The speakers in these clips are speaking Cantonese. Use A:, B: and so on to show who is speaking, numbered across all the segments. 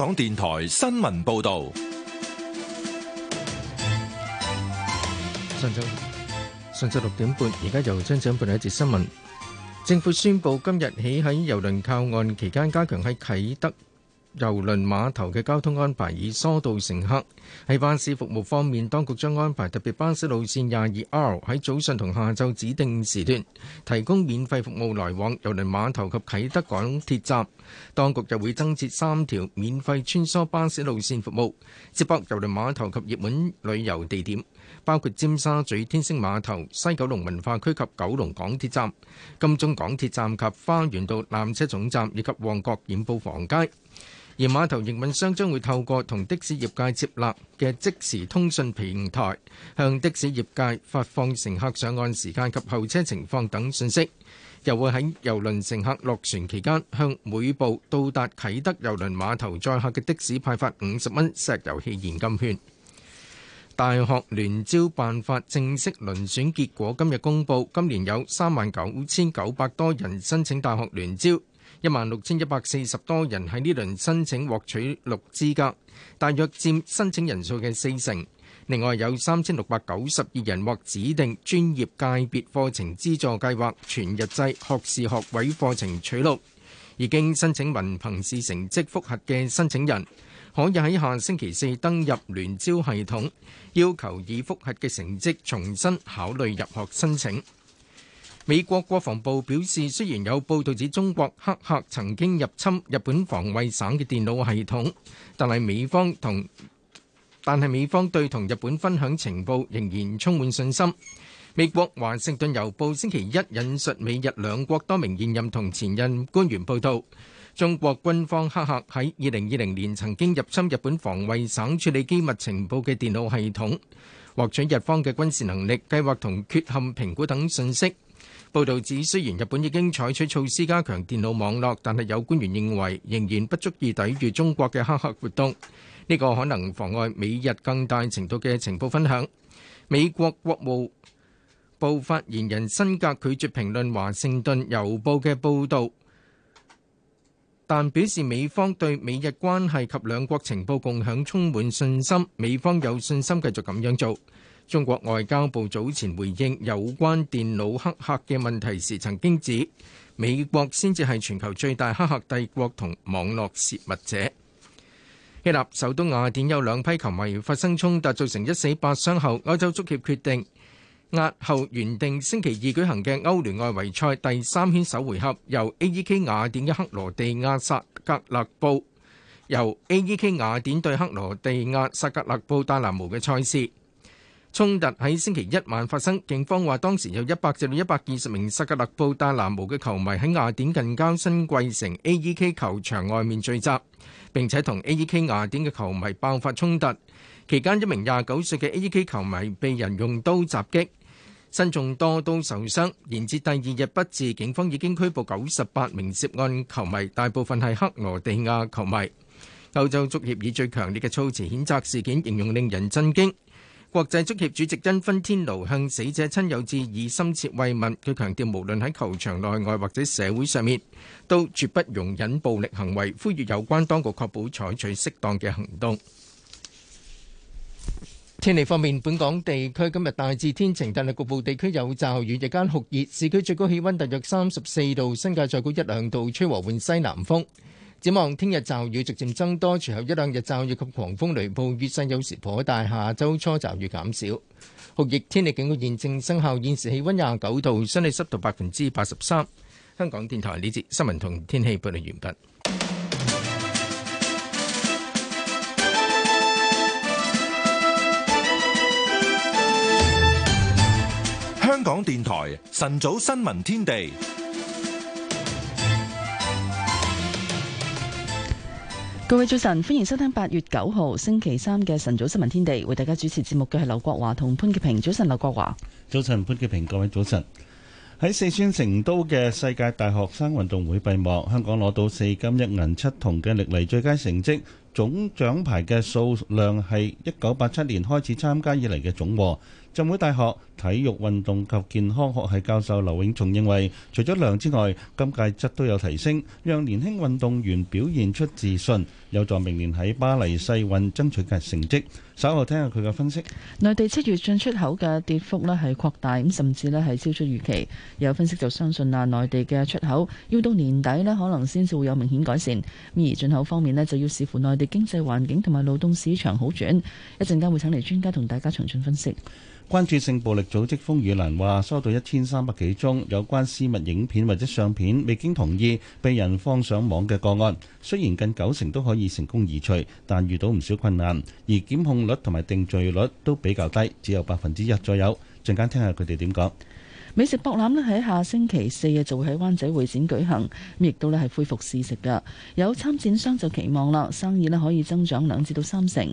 A: 港電台新聞報道。上晝，
B: 上晝六點半，而家就將準備一節新聞。政府宣布今日起喺郵輪靠岸期間，加強喺啟德。郵輪碼頭嘅交通安排以疏導乘客。喺巴士服務方面，當局將安排特別巴士路線廿二 R 喺早上同下晝指定時段提供免費服務，來往郵輪碼頭及啟德港鐵站。當局又會增設三條免費穿梭巴士路線服務，接駁郵輪碼頭及熱門旅遊地點，包括尖沙咀天星碼頭、西九龍文化區及九龍港鐵站、金鐘港鐵站及花園道纜車總站以及旺角染布房街。而碼頭營運商將會透過同的士業界接納嘅即時通訊平台，向的士業界發放乘客上岸時間及候車情況等訊息。又會喺郵輪乘客落船期間，向每部到達啟德郵輪碼頭載客嘅的士派發五十蚊石油氣現金券。大學聯招辦法正式遴選結果今日公佈，今年有三萬九千九百多人申請大學聯招。一萬六千一百四十多人喺呢輪申請獲取錄資格，大約佔申請人數嘅四成。另外有三千六百九十二人獲指定專業界別課程資助計劃全日制學士學位課程取錄。已經申請文憑試成績複核嘅申請人，可以喺下星期四登入聯招系統，要求以複核嘅成績重新考慮入學申請。美國國防部表示，雖然有報道指中國黑客曾經入侵日本防衛省嘅電腦系統，但係美方同，但係美方對同日本分享情報仍然充滿信心。美國華盛頓郵報星期一引述美日兩國多名現任同前任官員報道，中國軍方黑客喺二零二零年曾經入侵日本防衛省處理機密情報嘅電腦系統，獲取日方嘅軍事能力計劃同缺陷評估等信息。報道指，雖然日本已經採取措施加強電腦網絡，但係有官員認為仍然不足以抵禦中國嘅黑客活動。呢個可能妨礙美日更大程度嘅情報分享。美國國務部發言人辛格拒絕評論華盛頓郵報嘅報導，但表示美方對美日關係及兩國情報共享充滿信心，美方有信心繼續咁樣做。中國外交部早前回應有關電腦黑客嘅問題時，曾經指美國先至係全球最大黑客帝國同網絡洩密者。希臘首都雅典有兩批球迷發生衝突，造成一死八傷後，歐洲足協決定押後原定星期二舉行嘅歐聯外圍賽第三圈首回合，由 A.E.K. 雅典嘅克羅地亞薩格勒布，由 A.E.K. 雅典對克羅地亞薩格勒布戴拿模嘅賽事。衝突喺星期一晚發生，警方話當時有一百至到一百二十名薩格勒布戴拿模嘅球迷喺雅典近郊新貴城 A.E.K 球場外面聚集，並且同 A.E.K 雅典嘅球迷爆發衝突。期間一名廿九歲嘅 A.E.K 球迷被人用刀襲擊，身中多刀受傷。延至第二日不治，警方已經拘捕九十八名涉案球迷，大部分係克羅地亞球迷。歐洲足協以最強烈嘅措辭譴責事件，形容令人震驚。國際足協主席因芬天奴向死者親友致以深切慰問。佢強調，無論喺球場內外或者社會上面，都絕不容忍暴力行為，呼籲有關當局確保採取適當嘅行動。天氣方面，本港地區今日大致天晴，但係局部地區有驟雨，日間酷熱，市區最高氣溫大約三十四度，新界再高一兩度，吹和緩西南風。展望聽日驟雨逐漸增多，隨後一兩日驟雨及狂風雷暴雨勢有時頗大，下周初驟雨減少。酷熱天氣警告現正生效，現時氣溫廿九度，相對濕度百分之八十三。香港電台呢節新聞同天氣報道完畢。
A: 香港電台晨早新聞天地。
C: 各位早晨，歡迎收聽八月九號星期三嘅晨早新聞天地，為大家主持節目嘅係劉國華同潘潔平。早晨，劉國華。
D: 早晨潘潔平，各位早晨。喺四川成都嘅世界大學生運動會閉幕，香港攞到四金一銀七銅嘅歷嚟最佳成績，總獎牌嘅數量係一九八七年開始參加以嚟嘅總和。浸會大學體育運動及健康學系教授劉永松認為，除咗量之外，今屆質都有提升，讓年輕運動員表現出自信，有助明年喺巴黎世運爭取嘅成績。稍後聽下佢嘅分析。
C: 內地七月進出口嘅跌幅咧係擴大，咁甚至咧係超出預期。有分析就相信啦，內地嘅出口要到年底咧可能先至會有明顯改善。咁而進口方面咧就要視乎內地經濟環境同埋勞動市場好轉。一陣間會請嚟專家同大家詳盡分析。
D: 關注性暴力。組織風雨蘭話，收到一千三百幾宗有關私密影片或者相片未經同意被人放上網嘅個案，雖然近九成都可以成功移除，但遇到唔少困難，而檢控率同埋定罪率都比較低，只有百分之一左右。陣間聽下佢哋點講。
C: 美食博覽咧喺下星期四嘅就會喺灣仔會展舉行，亦都咧係恢復試食噶。有參展商就期望啦，生意咧可以增長兩至到三成。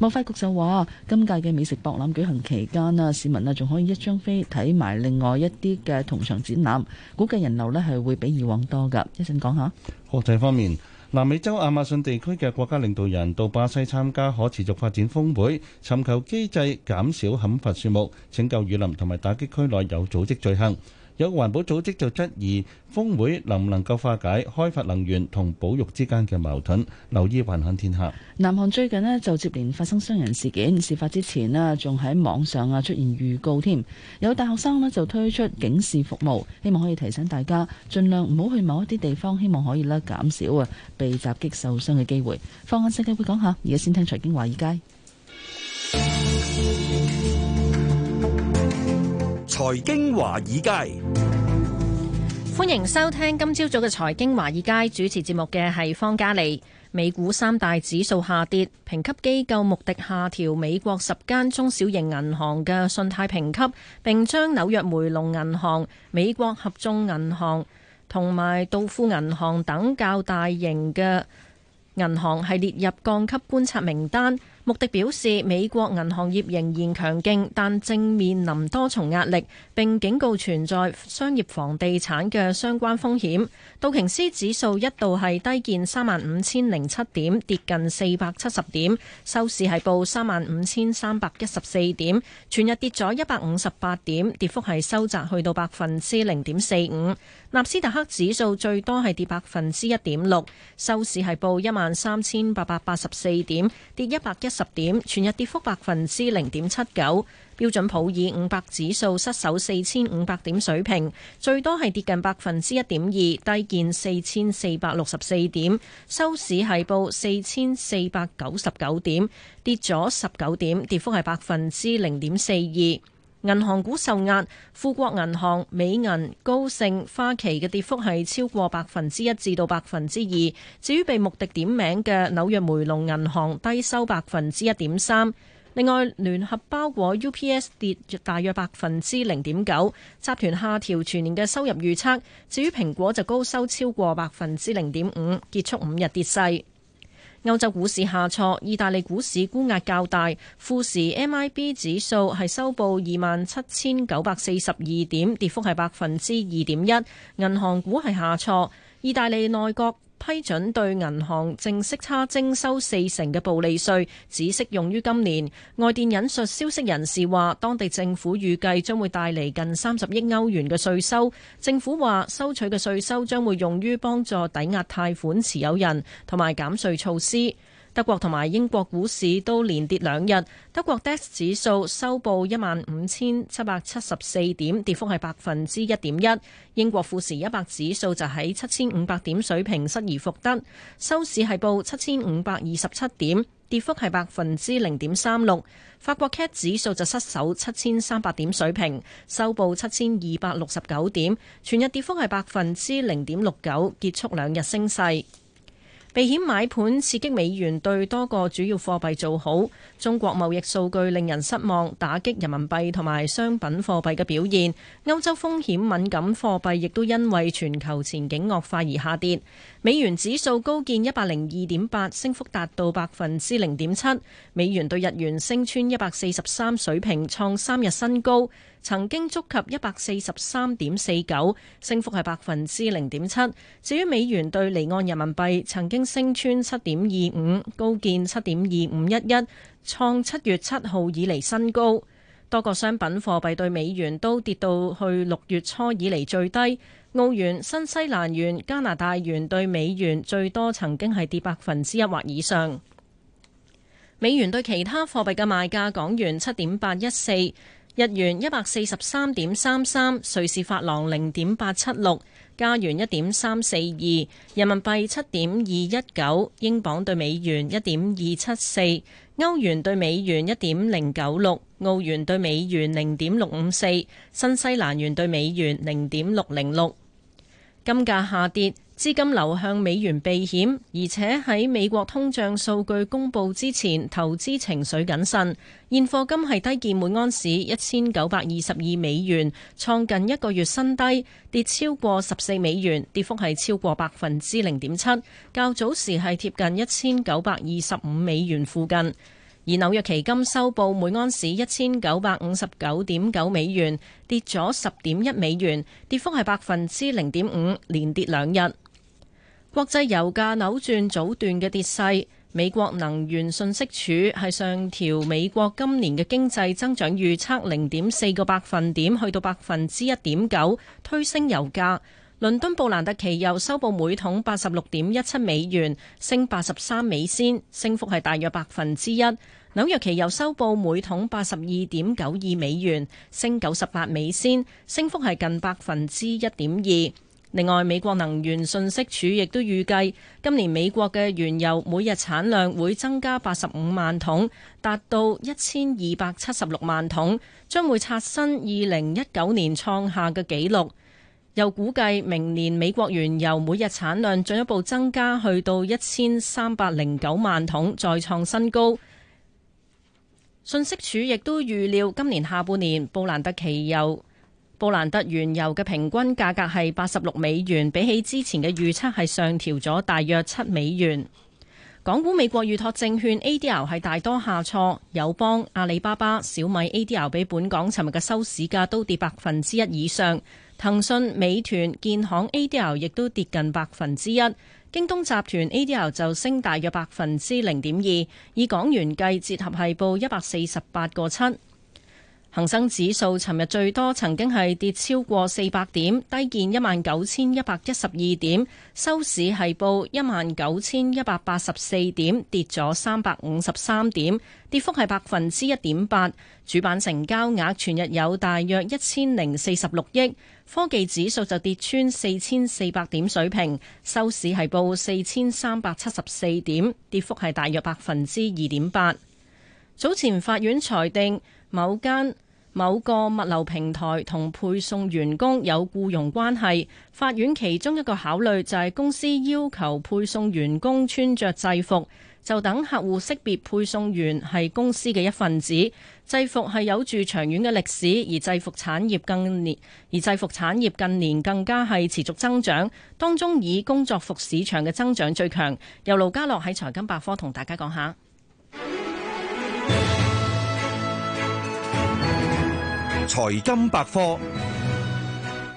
C: 貿發局就話，今屆嘅美食博覽舉行期間啊，市民啊仲可以一張飛睇埋另外一啲嘅同場展覽，估計人流咧係會比以往多噶。講一陣
D: 講下。經濟方面。南美洲亞馬遜地區嘅國家領導人到巴西參加可持續發展峰會，尋求機制，減少砍伐樹木、拯救雨林同埋打擊區內有組織罪行。有個環保組織就質疑峯會能唔能夠化解開發能源同保育之間嘅矛盾。留意《還看天下》。
C: 南韓最近咧就接連發生傷人事件，事發之前咧仲喺網上啊出現預告添。有大學生咧就推出警示服務，希望可以提醒大家盡量唔好去某一啲地方，希望可以咧減少啊被襲擊受傷嘅機會。放眼世界會講下，而家先聽財經華爾街。
E: 財經華爾街，
F: 歡迎收聽今朝早嘅財經華爾街主持節目嘅係方嘉莉。美股三大指數下跌，評級機構穆迪下調美國十間中小型銀行嘅信貸評級，並將紐約梅隆銀行、美國合眾銀行同埋道富銀行等較大型嘅銀行係列入降級觀察名單。目的表示，美國銀行業仍然強勁，但正面臨多重壓力，並警告存在商業房地產嘅相關風險。道瓊斯指數一度係低見三萬五千零七點，跌近四百七十點，收市係報三萬五千三百一十四點，全日跌咗一百五十八點，跌幅係收窄去到百分之零點四五。納斯達克指數最多係跌百分之一點六，收市係報一萬三千八百八十四點，跌一百一。十點，全日跌幅百分之零點七九。標準普爾五百指數失守四千五百點水平，最多係跌近百分之一點二，低見四千四百六十四點，收市係報四千四百九十九點，跌咗十九點，跌幅係百分之零點四二。銀行股受壓，富國銀行、美銀、高盛、花旗嘅跌幅係超過百分之一至到百分之二。至於被穆迪點名嘅紐約梅隆銀行低收百分之一點三。另外，聯合包裹 UPS 跌大約百分之零點九，集團下調全年嘅收入預測。至於蘋果就高收超過百分之零點五，結束五日跌勢。歐洲股市下挫，意大利股市沽壓較大，富時 MIB 指數係收報二萬七千九百四十二點，跌幅係百分之二點一。銀行股係下挫，意大利內閣批准對銀行淨息差徵收四成嘅暴利稅，只適用於今年。外電引述消息人士話，當地政府預計將會帶嚟近三十億歐元嘅稅收。政府話，收取嘅稅收將會用於幫助抵押貸款持有人同埋減稅措施。德國同埋英國股市都連跌兩日。德國 DAX 指數收報一萬五千七百七十四點，跌幅係百分之一點一。英國富時一百指數就喺七千五百點水平失而復得，收市係報七千五百二十七點，跌幅係百分之零點三六。法國 CAC 指數就失守七千三百點水平，收報七千二百六十九點，全日跌幅係百分之零點六九，結束兩日升勢。避險買盤刺激美元對多個主要貨幣做好，中國貿易數據令人失望，打擊人民幣同埋商品貨幣嘅表現。歐洲風險敏感貨幣亦都因為全球前景惡化而下跌。美元指數高見一百零二點八，升幅達到百分之零點七。美元對日元升穿一百四十三水平，創三日新高。曾經觸及一百四十三點四九，升幅係百分之零點七。至於美元對離岸人民幣，曾經升穿七點二五，高見七點二五一一，創七月七號以嚟新高。多個商品貨幣對美元都跌到去六月初以嚟最低。澳元、新西蘭元、加拿大元對美元最多曾經係跌百分之一或以上。美元對其他貨幣嘅賣價，港元七點八一四。日元一百四十三點三三，瑞士法郎零點八七六，加元一點三四二，人民幣七點二一九，英鎊對美元一點二七四，歐元對美元一點零九六，澳元對美元零點六五四，新西蘭元對美元零點六零六，金價下跌。資金流向美元避險，而且喺美國通脹數據公佈之前，投資情緒謹慎。現貨金係低見每安士一千九百二十二美元，創近一個月新低，跌超過十四美元，跌幅係超過百分之零點七。較早時係貼近一千九百二十五美元附近。而紐約期金收報每安士一千九百五十九點九美元，跌咗十點一美元，跌幅係百分之零點五，連跌兩日。國際油價扭轉早段嘅跌勢，美國能源信息署係上調美國今年嘅經濟增長預測零點四個百分點，去到百分之一點九，推升油價。倫敦布蘭特期油收報每桶八十六點一七美元，升八十三美仙，升幅係大約百分之一。紐約期油收報每桶八十二點九二美元，升九十八美仙，升幅係近百分之一點二。另外，美國能源信息署亦都預計今年美國嘅原油每日產量會增加八十五萬桶，達到一千二百七十六萬桶，將會刷新二零一九年創下嘅紀錄。又估計明年美國原油每日產量進一步增加去到一千三百零九萬桶，再創新高。信息署亦都預料今年下半年布蘭特期油布蘭特原油嘅平均價格係八十六美元，比起之前嘅預測係上調咗大約七美元。港股美國預託證券 ADR 係大多下挫，友邦、阿里巴巴、小米 ADR 比本港尋日嘅收市價都跌百分之一以上。騰訊、美團、建行 ADR 亦都跌近百分之一。京東集團 ADR 就升大約百分之零點二，以港元計折合係報一百四十八個七。恒生指數尋日最多曾經係跌超過四百點，低見一萬九千一百一十二點，收市係報一萬九千一百八十四點，跌咗三百五十三點，跌幅係百分之一點八。主板成交額全日有大約一千零四十六億。科技指數就跌穿四千四百點水平，收市係報四千三百七十四點，跌幅係大約百分之二點八。早前法院裁定。某間某個物流平台同配送員工有僱傭關係。法院其中一個考慮就係公司要求配送員工穿着制服，就等客戶識別配送員係公司嘅一份子。制服係有住長遠嘅歷史，而制服產業近年而制服產業近年更加係持續增長。當中以工作服市場嘅增長最強。由盧家樂喺財經百科同大家講下。
G: 財金百科。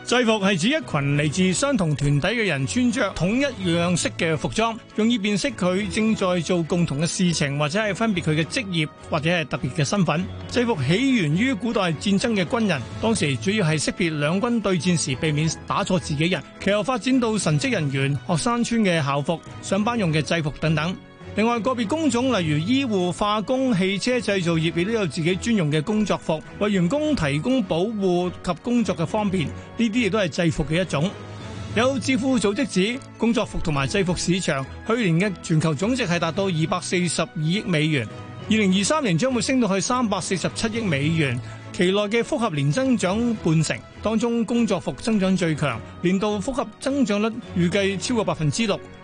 G: 制服係指一群嚟自相同團體嘅人穿着統一樣式嘅服裝，用以辨識佢正在做共同嘅事情，或者係分別佢嘅職業或者係特別嘅身份。制服起源於古代戰爭嘅軍人，當時主要係識別兩軍對戰時，避免打錯自己人。其後發展到神職人員、學生穿嘅校服、上班用嘅制服等等。另外，個別工種例如醫護、化工、汽車製造業亦都有自己專用嘅工作服，為員工提供保護及工作嘅方便。呢啲亦都係制服嘅一種。有智庫組織指，工作服同埋制服市場去年嘅全球總值係達到二百四十二億美元，二零二三年將會升到去三百四十七億美元，期內嘅複合年增長半成。當中工作服增長最強，年度複合增長率預計超過百分之六。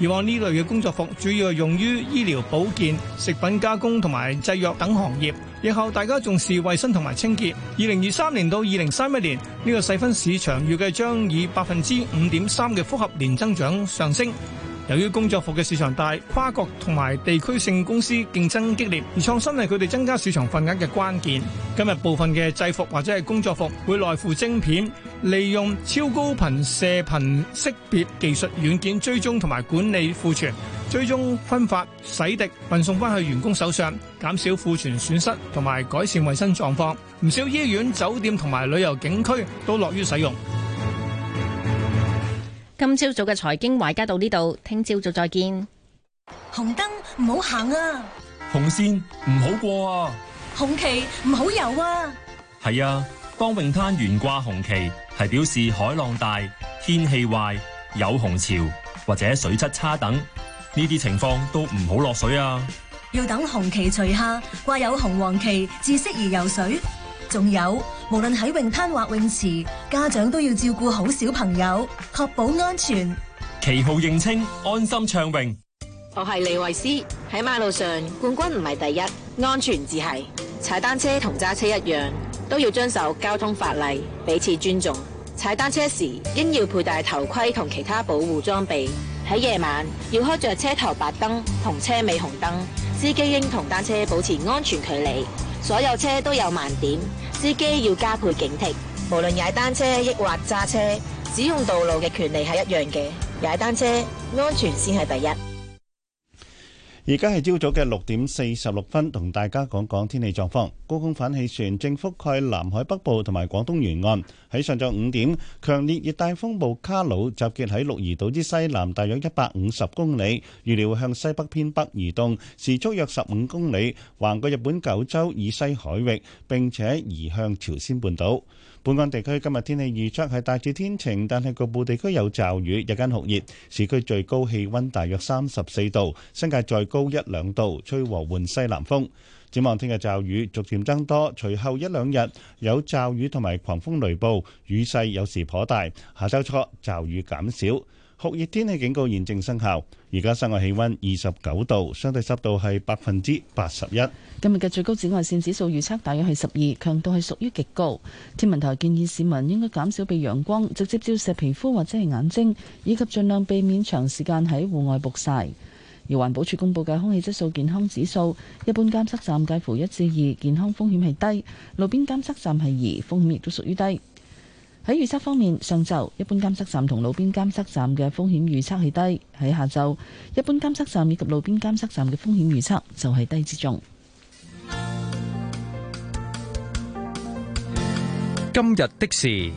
G: 以往呢類嘅工作服主要係用於醫療保健、食品加工同埋製藥等行業。日後大家重視衛生同埋清潔。二零二三年到二零三一年呢個細分市場預計將以百分之五點三嘅複合年增長上升。由於工作服嘅市場大，跨國同埋地區性公司競爭激烈，而創新係佢哋增加市場份額嘅關鍵。今日部分嘅制服或者係工作服會內附晶片。利用超高頻射頻識別技術軟件追蹤同埋管理庫存，追蹤分發、洗滌、運送翻去員工手上，減少庫存損失同埋改善衛生狀況。唔少醫院、酒店同埋旅遊景區都樂於使用。
F: 今朝早嘅財經懷家到呢度，聽朝早再見。紅燈
H: 唔好行啊！
G: 紅線唔好
F: 過啊！紅旗唔好游啊！
G: 係啊！
A: 當泳灘懸掛紅旗，係表示海浪大、天氣壞、有紅潮或者水質差等，呢啲情況都唔好落水啊！
I: 要等
F: 紅旗除下，掛有紅黃旗至適宜游水。仲有，無論喺泳灘或泳池，家長都要照顧好小朋友，確保安全。
A: 旗號認清，安心暢泳。
F: 我係李維斯。喺馬路上冠軍唔係第一，安全至係。踩單車同揸車一樣，都要遵守交通法例，彼此尊重。踩單車時應要佩戴頭盔同其他保護裝備。喺夜晚要開着車頭白燈同車尾紅燈。司機應同單車保持安全距離。所有車都有盲點，司機要加倍警惕。無論踩單車抑或揸車，使用道路嘅權利係一樣嘅。踩單車安全先係第一。
D: 而家係朝早嘅六點四十六分，同大家講講天氣狀況。高空反氣旋正覆蓋南海北部同埋廣東沿岸。喺上晝五點，強烈熱帶風暴卡努集結喺鹿兒島之西南大約一百五十公里，預料向西北偏北移動，時速約十五公里，橫過日本九州以西海域，並且移向朝鮮半島。本港地區今日天，天氣預測係大致天晴，但係局部地區有驟雨，日間酷熱，市區最高氣温大約三十四度，新界再高一兩度，吹和緩西南風。展望聽日驟雨逐漸增多，隨後一兩日有驟雨同埋狂風雷暴，雨勢有時頗大。下週初驟雨減少。酷熱天氣警告現正生效，而家室外氣溫二十九度，相對濕度係百分之八十一。今日嘅最高紫外線指數預測大約係十二，強度係屬於極高。天
C: 文台建議市民應該減少被陽光直接照射皮膚或者係眼睛，以及盡量避免長時間喺戶外曝曬。而環保署公布嘅空氣質素健康指數，一般監測站介乎一至二，健康風險係低；路邊監測站係二，風險亦都屬於低。喺預測方面，上晝一般監測站同路邊監測站嘅風險預測係低；喺下晝，一般監測站以及路邊監測站嘅風險預測就係低之中。
J: 今日的事。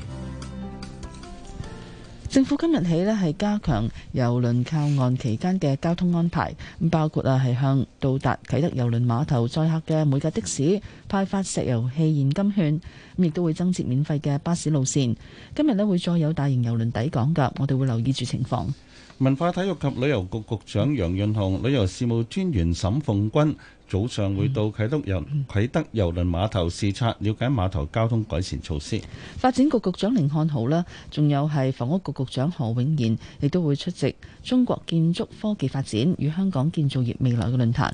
C: 政府今日起呢係加強郵輪靠岸期間嘅交通安排，包括啊係向到達啟德郵輪碼頭載客嘅每架的士派發石油氣現金券，咁亦都會增設免費嘅巴士路線。今日呢會再有大型郵輪抵港噶，我哋會留意住情況。
D: 文化、體育及旅遊局局長楊潤雄、旅遊事務專員沈鳳君早上會到啟德遊啟德郵輪碼頭視察，瞭解碼頭交通改善措施。
C: 發展局局長甯漢豪啦，仲有係房屋局局長何永賢，亦都會出席中國建築科技發展與香港建造業未來嘅論壇。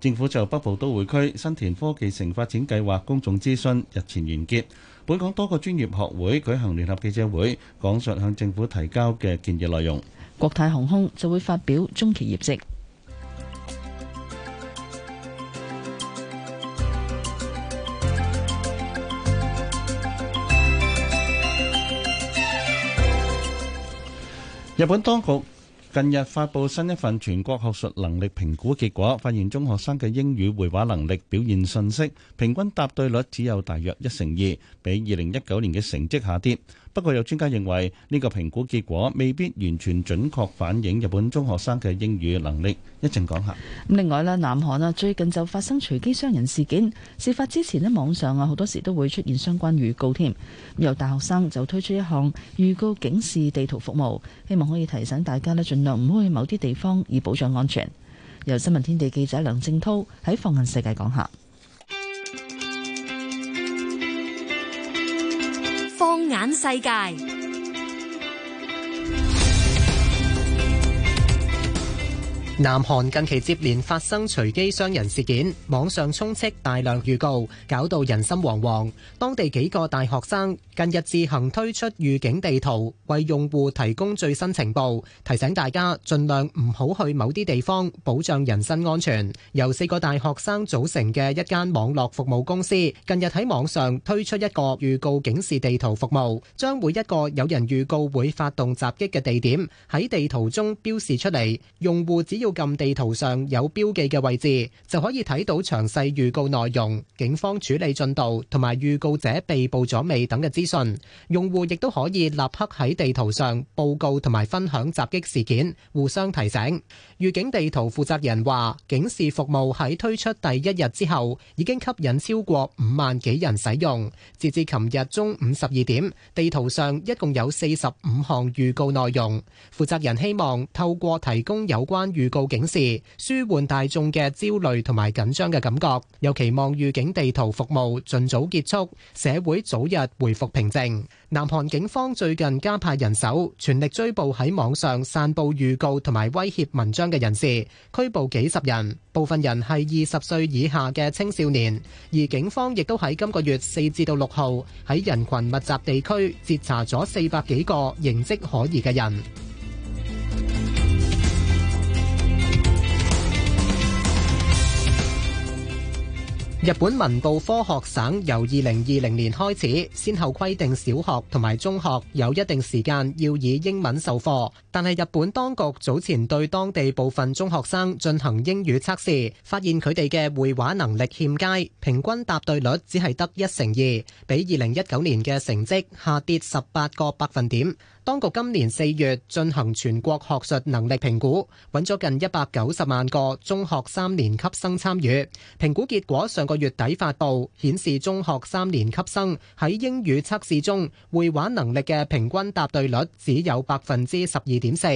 D: 政府就北部都會區新田科技城發展計劃公眾諮詢日前完結。本港多個專業學會舉行聯合記者會，講述向政府提交嘅建議內容。國泰航空就會發表中期業績。日本當局近日發佈新一份全國學術能力評估結果，發現中學生嘅英語會話能力表現遜色，平均答對率只有大約一成二，比二零一九年嘅成績下跌。不過有專家認為呢個評估結果未必完全準確反映日本中學生嘅英語能力，一陣講下。
C: 另外咧，南韓咧最近就發生隨機傷人事件，事發之前咧網上啊好多時都會出現相關預告添。由大學生就推出一項預告警示地圖服務，希望可以提醒大家咧盡量唔好去某啲地方以保障安全。由新聞天地記者梁正濤喺放眼世界講下。
K: 放眼世界。
L: 南韓近期，接連發生隨機傷人事件，網上充斥大量預告，搞到人心惶惶。當地幾個大學生近日自行推出預警地圖，為用戶提供最新情報，提醒大家盡量唔好去某啲地方，保障人身安全。由四個大學生組成嘅一間網絡服務公司，近日喺網上推出一個預告警示地圖服務，將每一個有人預告會發動襲擊嘅地點喺地圖中標示出嚟，用戶只要。要撳地圖上有標記嘅位置，就可以睇到詳細預告內容、警方處理進度同埋預告者被捕咗未等嘅資訊。用戶亦都可以立刻喺地圖上報告同埋分享襲擊事件，互相提醒。預警地圖負責人話，警示服務喺推出第一日之後，已經吸引超過五萬幾人使用。截至琴日中午十二點，地圖上一共有四十五項預告內容。負責人希望透過提供有關預告，報警時，舒緩大眾嘅焦慮同埋緊張嘅感覺，又期望預警地圖服務盡早結束，社會早日恢復平靜。南韓警方最近加派人手，全力追捕喺網上散布預告同埋威脅文章嘅人士，拘捕幾十人，部分人係二十歲以下嘅青少年。而警方亦都喺今個月四至到六號，喺人群密集地區截查咗四百幾個形迹可疑嘅人。日本文部科學省由二零二零年開始，先後規定小學同埋中學有一定時間要以英文授課，但係日本當局早前對當地部分中學生進行英語測試，發現佢哋嘅會話能力欠佳，平均答對率只係得一成二，比二零一九年嘅成績下跌十八個百分點。當局今年四月進行全國學術能力評估，揾咗近一百九十萬個中學三年級生參與。評估結果上個月底發佈，顯示中學三年級生喺英語測試中會話能力嘅平均答對率只有百分之十二點四，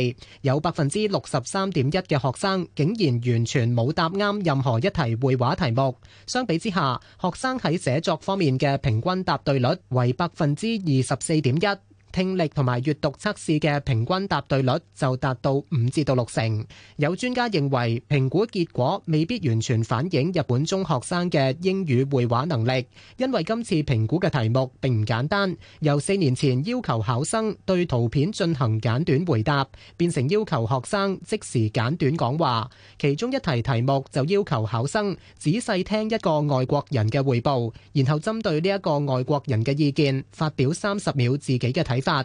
L: 有百分之六十三點一嘅學生竟然完全冇答啱任何一題會話題目。相比之下，學生喺寫作方面嘅平均答對率為百分之二十四點一。聽力同埋閱讀測試嘅平均答對率就達到五至到六成。有專家認為評估結果未必完全反映日本中學生嘅英語會話能力，因為今次評估嘅題目並唔簡單，由四年前要求考生對圖片進行簡短回答，變成要求學生即時簡短講話。其中一題題目就要求考生仔細聽一個外國人嘅匯報，然後針對呢一個外國人嘅意見發表三十秒自己嘅睇法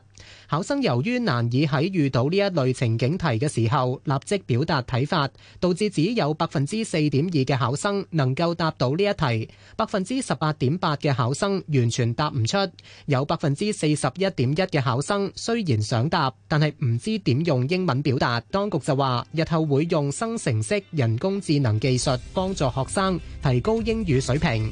L: 考生由於難以喺遇到呢一類情景題嘅時候立即表達睇法，導致只有百分之四點二嘅考生能夠答到呢一題，百分之十八點八嘅考生完全答唔出，有百分之四十一點一嘅考生雖然想答，但係唔知點用英文表達。當局就話，日後會用生成式人工智能技術幫助學生提高英語水平。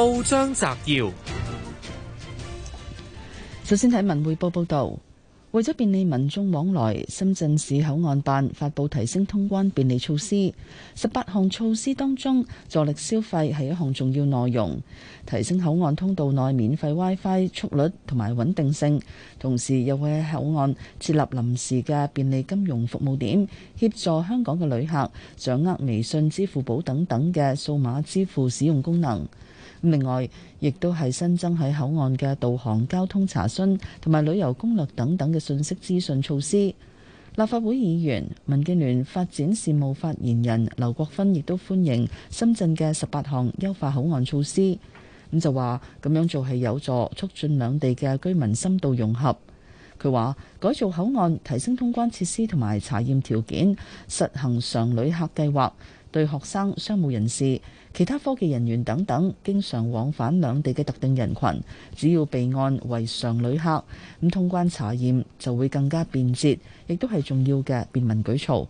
A: 報章摘要：
C: 首先睇文匯報報道，為咗便利民眾往來，深圳市口岸辦發布提升通關便利措施。十八項措施當中，助力消費係一項重要內容。提升口岸通道內免費 WiFi 速率同埋穩定性，同時又會喺口岸設立臨時嘅便利金融服務點，協助香港嘅旅客掌握微信、支付寶等等嘅數碼支付使用功能。另外，亦都係新增喺口岸嘅導航、交通查詢同埋旅遊攻略等等嘅信息資訊措施。立法會議員民建聯發展事務發言人劉國勳亦都歡迎深圳嘅十八項優化口岸措施，咁就話咁樣做係有助促進兩地嘅居民深度融合。佢話改造口岸、提升通關設施同埋查驗條件、實行常旅客計劃、對學生、商務人士。其他科技人員等等，經常往返兩地嘅特定人群，只要備案為常旅客，咁通關查驗就會更加便捷，亦都係重要嘅便民舉措。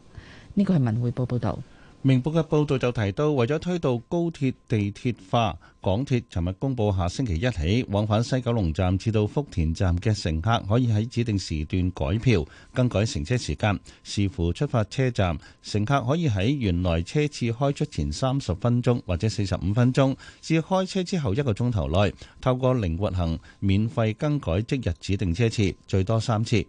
C: 呢個係文匯報
D: 報導。明報嘅報道就提到，為咗推動高鐵、地鐵化，港鐵，尋日公布下星期一起，往返西九龍站至到福田站嘅乘客可以喺指定時段改票、更改乘車時間，視乎出發車站，乘客可以喺原來車次開出前三十分鐘或者四十五分鐘至開車之後一個鐘頭內，透過靈活行免費更改即日指定車次，最多三次。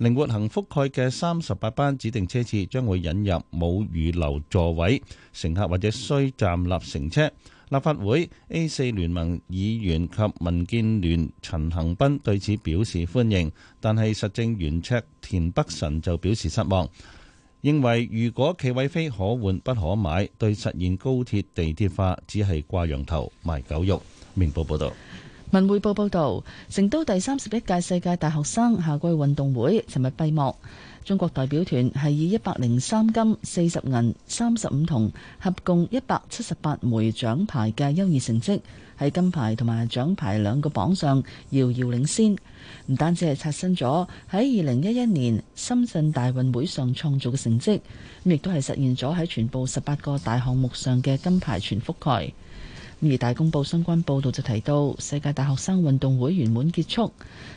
D: 靈活行覆蓋嘅三十八班指定車次將會引入冇預留座位，乘客或者需站立乘車。立法會 A 四聯盟議員及民建聯陳恒斌對此表示歡迎，但係實政圓桌田北辰就表示失望，認為如果企位非可換不可買，對實現高鐵地鐵化只係掛羊頭賣狗肉。明報報道。
C: 文匯報報道，成都第三十一屆世界大學生夏季運動會尋日閉幕。中國代表團係以一百零三金、四十銀、三十五銅，合共一百七十八枚獎牌嘅優異成績，喺金牌同埋獎牌兩個榜上遙遙領先。唔單止係刷新咗喺二零一一年深圳大運會上創造嘅成績，亦都係實現咗喺全部十八個大項目上嘅金牌全覆蓋。而大公報相關報導就提到，世界大學生運動會圓滿結束，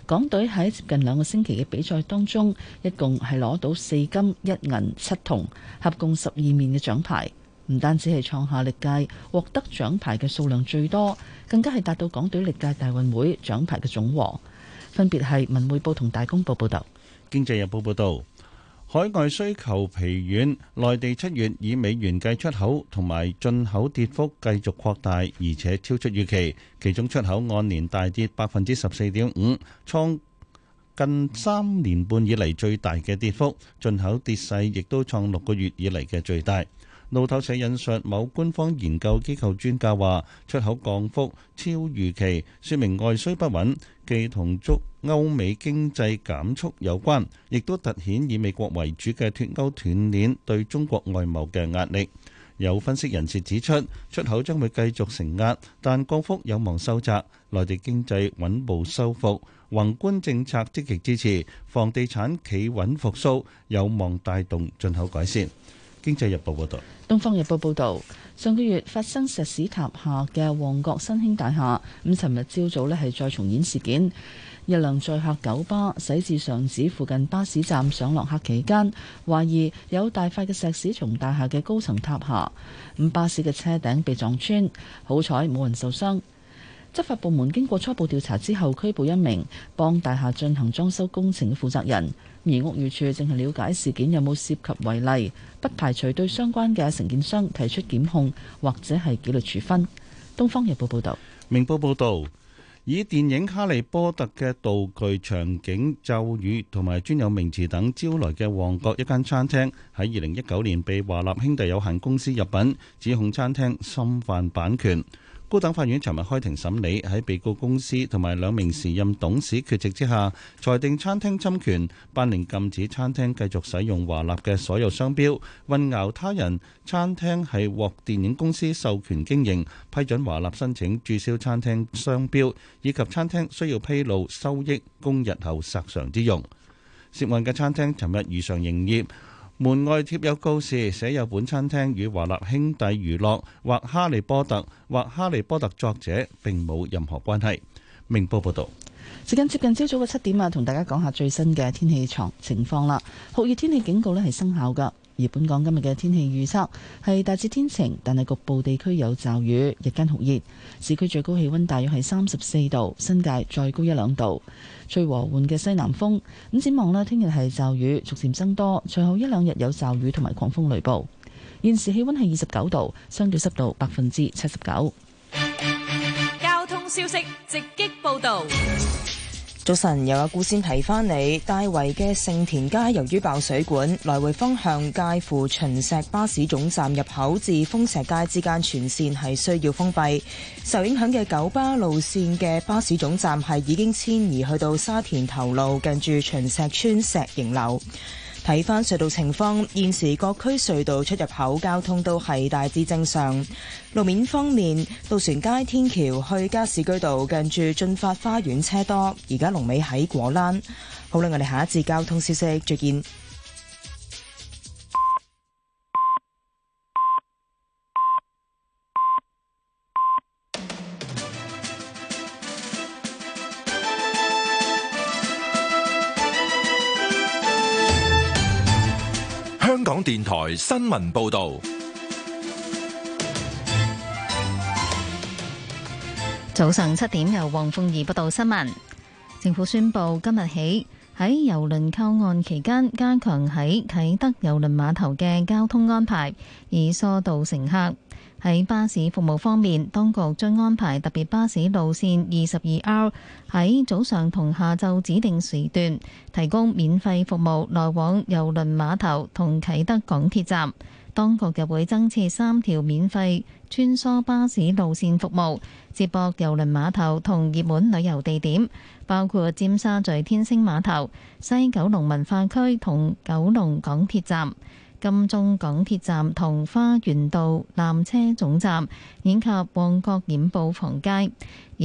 C: 港隊喺接近兩個星期嘅比賽當中，一共係攞到四金一銀七銅，合共十二面嘅獎牌。唔單止係創下歷屆獲得獎牌嘅數量最多，更加係達到港隊歷屆大運會獎牌嘅總和。分別係文匯報同大公報
D: 報道。《經濟日報》報道。海外需求疲軟，內地七月以美元計出口同埋進口跌幅繼續擴大，而且超出預期。其中出口按年大跌百分之十四點五，創近三年半以嚟最大嘅跌幅；進口跌勢亦都創六個月以嚟嘅最大。路透社引述某官方研究機構專家話：出口降幅超預期，說明外需不穩，既同捉歐美經濟減速有關，亦都突顯以美國為主嘅脫歐斷鏈對中國外貿嘅壓力。有分析人士指出，出口將會繼續承壓，但降幅有望收窄。內地經濟穩步收復，宏觀政策積極支持，房地產企穩復甦，有望帶動進口改善。經濟日報報導，
C: 東方日報報導，上個月發生石屎塔下嘅旺角新興大廈，咁尋日朝早呢係再重演事件，一輛載客九巴駛至上址附近巴士站上落客期間，懷疑有大塊嘅石屎從大廈嘅高層塔下，咁巴士嘅車頂被撞穿，好彩冇人受傷。執法部門經過初步調查之後，拘捕一名幫大廈進行裝修工程嘅負責人。而屋宇署正係了解事件有冇涉及違例，不排除對相關嘅承建商提出檢控或者係紀律處分。東方日報報道，
D: 明報報道，以電影《哈利波特》嘅道具、場景、咒語同埋專有名詞等招來嘅旺角一間餐廳，喺二零一九年被華納兄弟有限公司入稟，指控餐廳侵犯版權。高等法院尋日開庭審理，喺被告公司同埋兩名時任董事缺席之下，裁定餐廳侵權，頒令禁止餐廳繼續使用華納嘅所有商標，混淆他人餐廳係獲電影公司授權經營，批准華納申請註銷餐廳商標，以及餐廳需要披露收益供日後索償之用。涉案嘅餐廳尋日如常營業。門外貼有告示，寫有本餐廳與華納兄弟娛樂或《哈利波特》或《哈利波特》作者並冇任何關係。明報報道。
C: 時間接近朝早嘅七點啊，同大家講下最新嘅天氣場情況啦。酷熱天氣警告呢係生效噶。而本港今日嘅天氣預測係大致天晴，但係局部地區有驟雨，日間酷熱，市區最高氣溫大約係三十四度，新界再高一兩度。吹和緩嘅西南風，咁展望咧，聽日係驟雨逐漸增多，隨後一兩日有驟雨同埋狂風雷暴。現時氣溫係二十九度，相對濕度百分之七十九。
F: 交通消息直擊報道。
M: 早晨，有阿顧先提返你，大圍嘅聖田街由於爆水管，來回方向介乎秦石巴士總站入口至豐石街之間全線係需要封閉，受影響嘅九巴路線嘅巴士總站係已經遷移去到沙田頭路近住秦石村石型樓。睇翻隧道情況，現時各區隧道出入口交通都係大致正常。路面方面，渡船街天橋去加士居道近住駿發花園車多，而家龍尾喺果欄。好啦，我哋下一節交通消息，再見。
A: 香港電台新聞報道，
K: 早上七點由黃鳳儀報道新聞。政府宣布今日起喺郵輪靠岸期間，加強喺啟德郵輪碼頭嘅交通安排，以疏導乘客。喺巴士服務方面，當局將安排特別巴士路線二十二 R 喺早上同下晝指定時段提供免費服務，來往郵輪碼頭同啟德港鐵站。當局又會增設三條免費穿梭巴士路線服務，接駁郵輪碼頭同熱門旅遊地點，包括尖沙咀天星碼頭、西九龍文化區同九龍港鐵站。金鐘港鐵站、同花園道纜車總站，以及旺角染布房街。而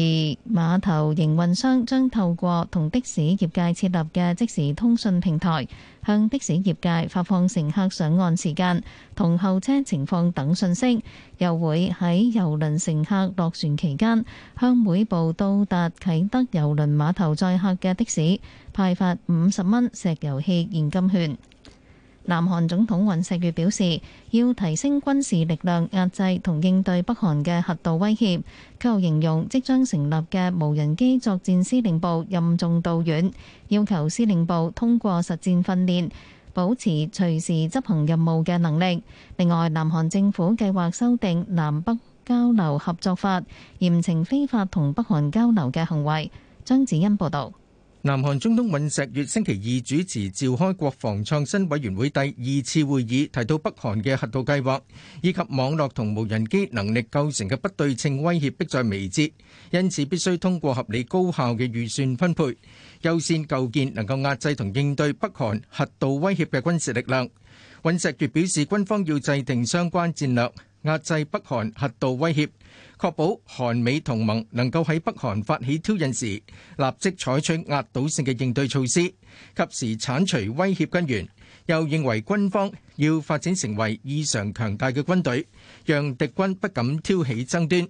K: 碼頭營運商將透過同的士業界設立嘅即時通訊平台，向的士業界發放乘客上岸時間同候車情況等信息。又會喺郵輪乘客落船期間，向每部到達啟德郵輪碼頭載客嘅的，的士派發五十蚊石油氣現金券。南韓總統尹錫悅表示，要提升軍事力量壓制同應對北韓嘅核導威脅。佢又形容即將成立嘅無人機作戰司令部任重道遠，要求司令部通過實戰訓練，保持隨時執行任務嘅能力。另外，南韓政府計劃修訂南北交流合作法，嚴懲非法同北韓交流嘅行為。張子欣報道。
B: 南韓總統尹錫悅星期二主持召開國防創新委員會第二次會議，提到北韓嘅核導計劃以及網絡同無人機能力構成嘅不對稱威脅迫在眉睫，因此必須通過合理高效嘅預算分配，優先構建能夠壓制同應對北韓核導威脅嘅軍事力量。尹錫悅表示，軍方要制定相關戰略，壓制北韓核導威脅。確保韓美同盟能夠喺北韓發起挑釁時，立即採取壓倒性嘅應對措施，及時剷除威脅根源。又認為軍方要發展成為異常強大嘅軍隊，讓敵軍不敢挑起爭端。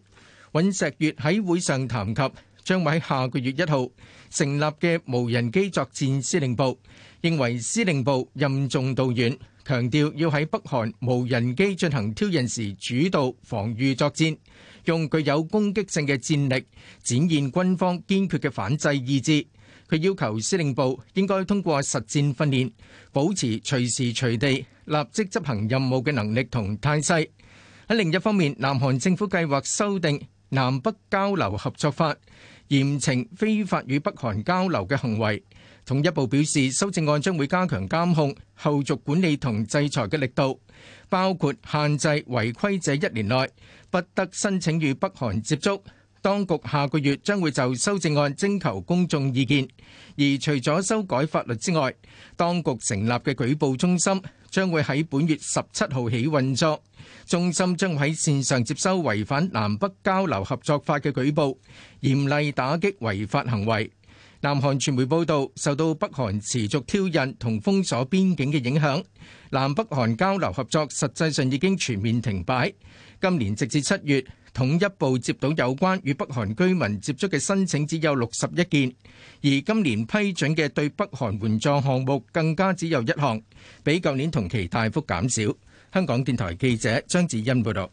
B: 尹錫悅喺會上談及將會喺下個月一號成立嘅無人機作戰司令部，認為司令部任重道遠，強調要喺北韓無人機進行挑釁時，主導防禦作戰。用具有攻擊性嘅戰力，展現軍方堅決嘅反制意志。佢要求司令部應該通過實戰訓練，保持隨時隨地立即執行任務嘅能力同態勢。喺另一方面，南韓政府計劃修訂南北交流合作法，嚴懲非法與北韓交流嘅行為。統一部表示，修正案將會加強監控、後續管理同制裁嘅力度。包括限制違規者一年內不得申請與北韓接觸。當局下個月將會就修正案徵求公眾意見，而除咗修改法律之外，當局成立嘅舉報中心將會喺本月十七號起運作。中心將會喺線上接收違反南北交流合作法嘅舉報，嚴厲打擊違法行為。南韓傳媒報道，受到北韓持續挑釁同封鎖邊境嘅影響，南北韓交流合作實際上已經全面停擺。今年直至七月，統一部接到有關與北韓居民接觸嘅申請只有六十一件，而今年批准嘅對北韓援助項目更加只有一項，比舊年同期大幅減少。香港電台記者張志欣報導。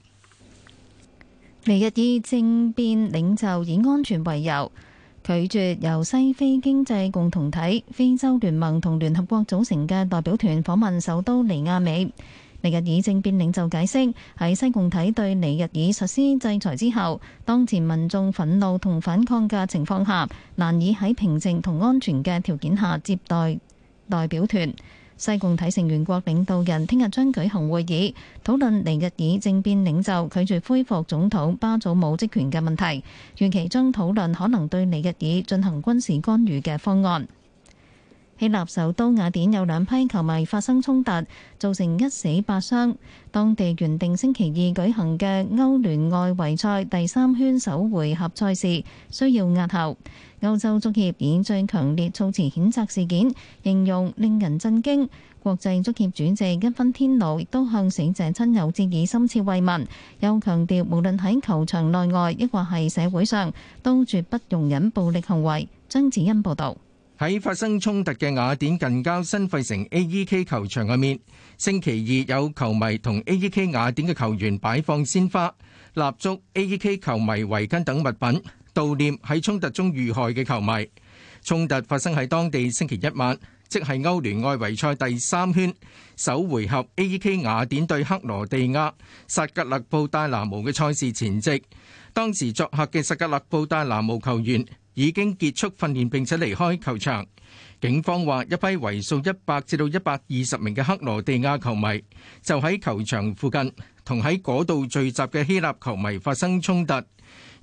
K: 尼日爾政變領袖以安全為由，拒絕由西非經濟共同體、非洲聯盟同聯合國組成嘅代表團訪問首都尼亞美。尼日爾政變領袖解釋，喺西共體對尼日爾實施制裁之後，當前民眾憤怒同反抗嘅情況下，難以喺平靜同安全嘅條件下接待代表團。西共體成員國領導人聽日將舉行會議，討論尼日爾政變領袖拒絕恢復總統巴祖姆職權嘅問題，預期將討論可能對尼日爾進行軍事干預嘅方案。希臘首都雅典有兩批球迷發生衝突，造成一死八傷。當地原定星期二舉行嘅歐聯外圍賽第三圈首回合賽事需要押後。歐洲足協以最強烈措辭譴責事件，形容令人震驚。國際足協主席因凡天奴亦都向死者親友致以深切慰問，又強調無論喺球場內外，抑或係社會上，都絕不容忍暴力行為。張志恩報道：
B: 喺發生衝突嘅雅典近郊新費城 A.E.K 球場外面，星期二有球迷同 A.E.K 雅典嘅球員擺放鮮花、蠟燭、A.E.K 球迷圍巾等物品。悼念喺衝突中遇害嘅球迷。衝突發生喺當地星期一晚，即係歐聯外圍賽第三圈首回合，A.E.K. 雅典對克羅地亞薩格勒布戴拿姆嘅賽事前夕。當時作客嘅薩格勒布戴拿姆球員已經結束訓練並且離開球場。警方話，一批為數一百至到一百二十名嘅克羅地亞球迷就喺球場附近同喺嗰度聚集嘅希臘球迷發生衝突。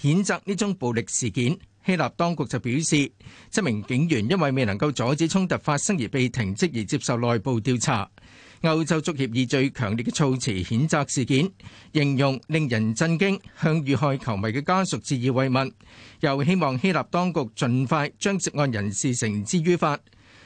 B: 譴責呢宗暴力事件，希臘當局就表示，一名警員因為未能夠阻止衝突發生而被停職而接受內部調查。歐洲足協以最強烈嘅措辭譴責事件，形容令人震驚，向遇害球迷嘅家屬致以慰問，又希望希臘當局盡快將涉案人士繩之於法。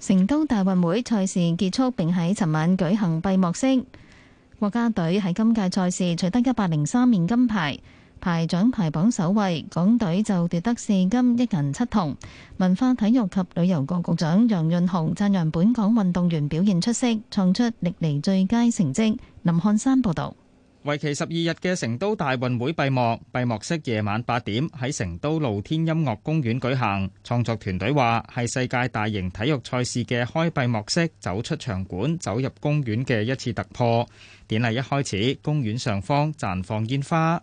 K: 成都大運會賽事結束，並喺尋晚舉行閉幕式。國家隊喺今屆賽事取得一百零三面金牌，排獎牌榜首位。港隊就奪得四金一銀七銅。文化體育及旅遊局局長楊潤雄讚揚本港運動員表現出色，創出歷嚟最佳成績。林漢山報導。
H: 為期十二日嘅成都大運會閉幕，閉幕式夜晚八點喺成都露天音樂公園舉行。創作團隊話係世界大型體育賽事嘅開閉幕式走出場館，走入公園嘅一次突破。典禮一開始，公園上方綻放煙花。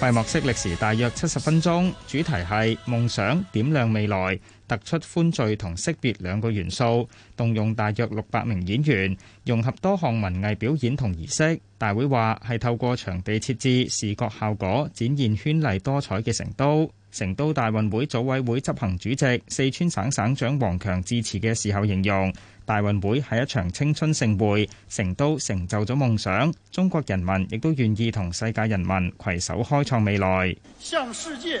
H: 閉幕式歷時大約七十分鐘，主題係夢想點亮未來。突出歡聚同識別兩個元素，動用大約六百名演員，融合多項文藝表演同儀式。大會話係透過場地設置、視覺效果，展現絢麗多彩嘅成都。成都大運會組委會執行主席、四川省省長王強致辭嘅時候形容，大運會係一場青春盛會，成都成就咗夢想，中國人民亦都願意同世界人民攜手開創未來。
D: 向世界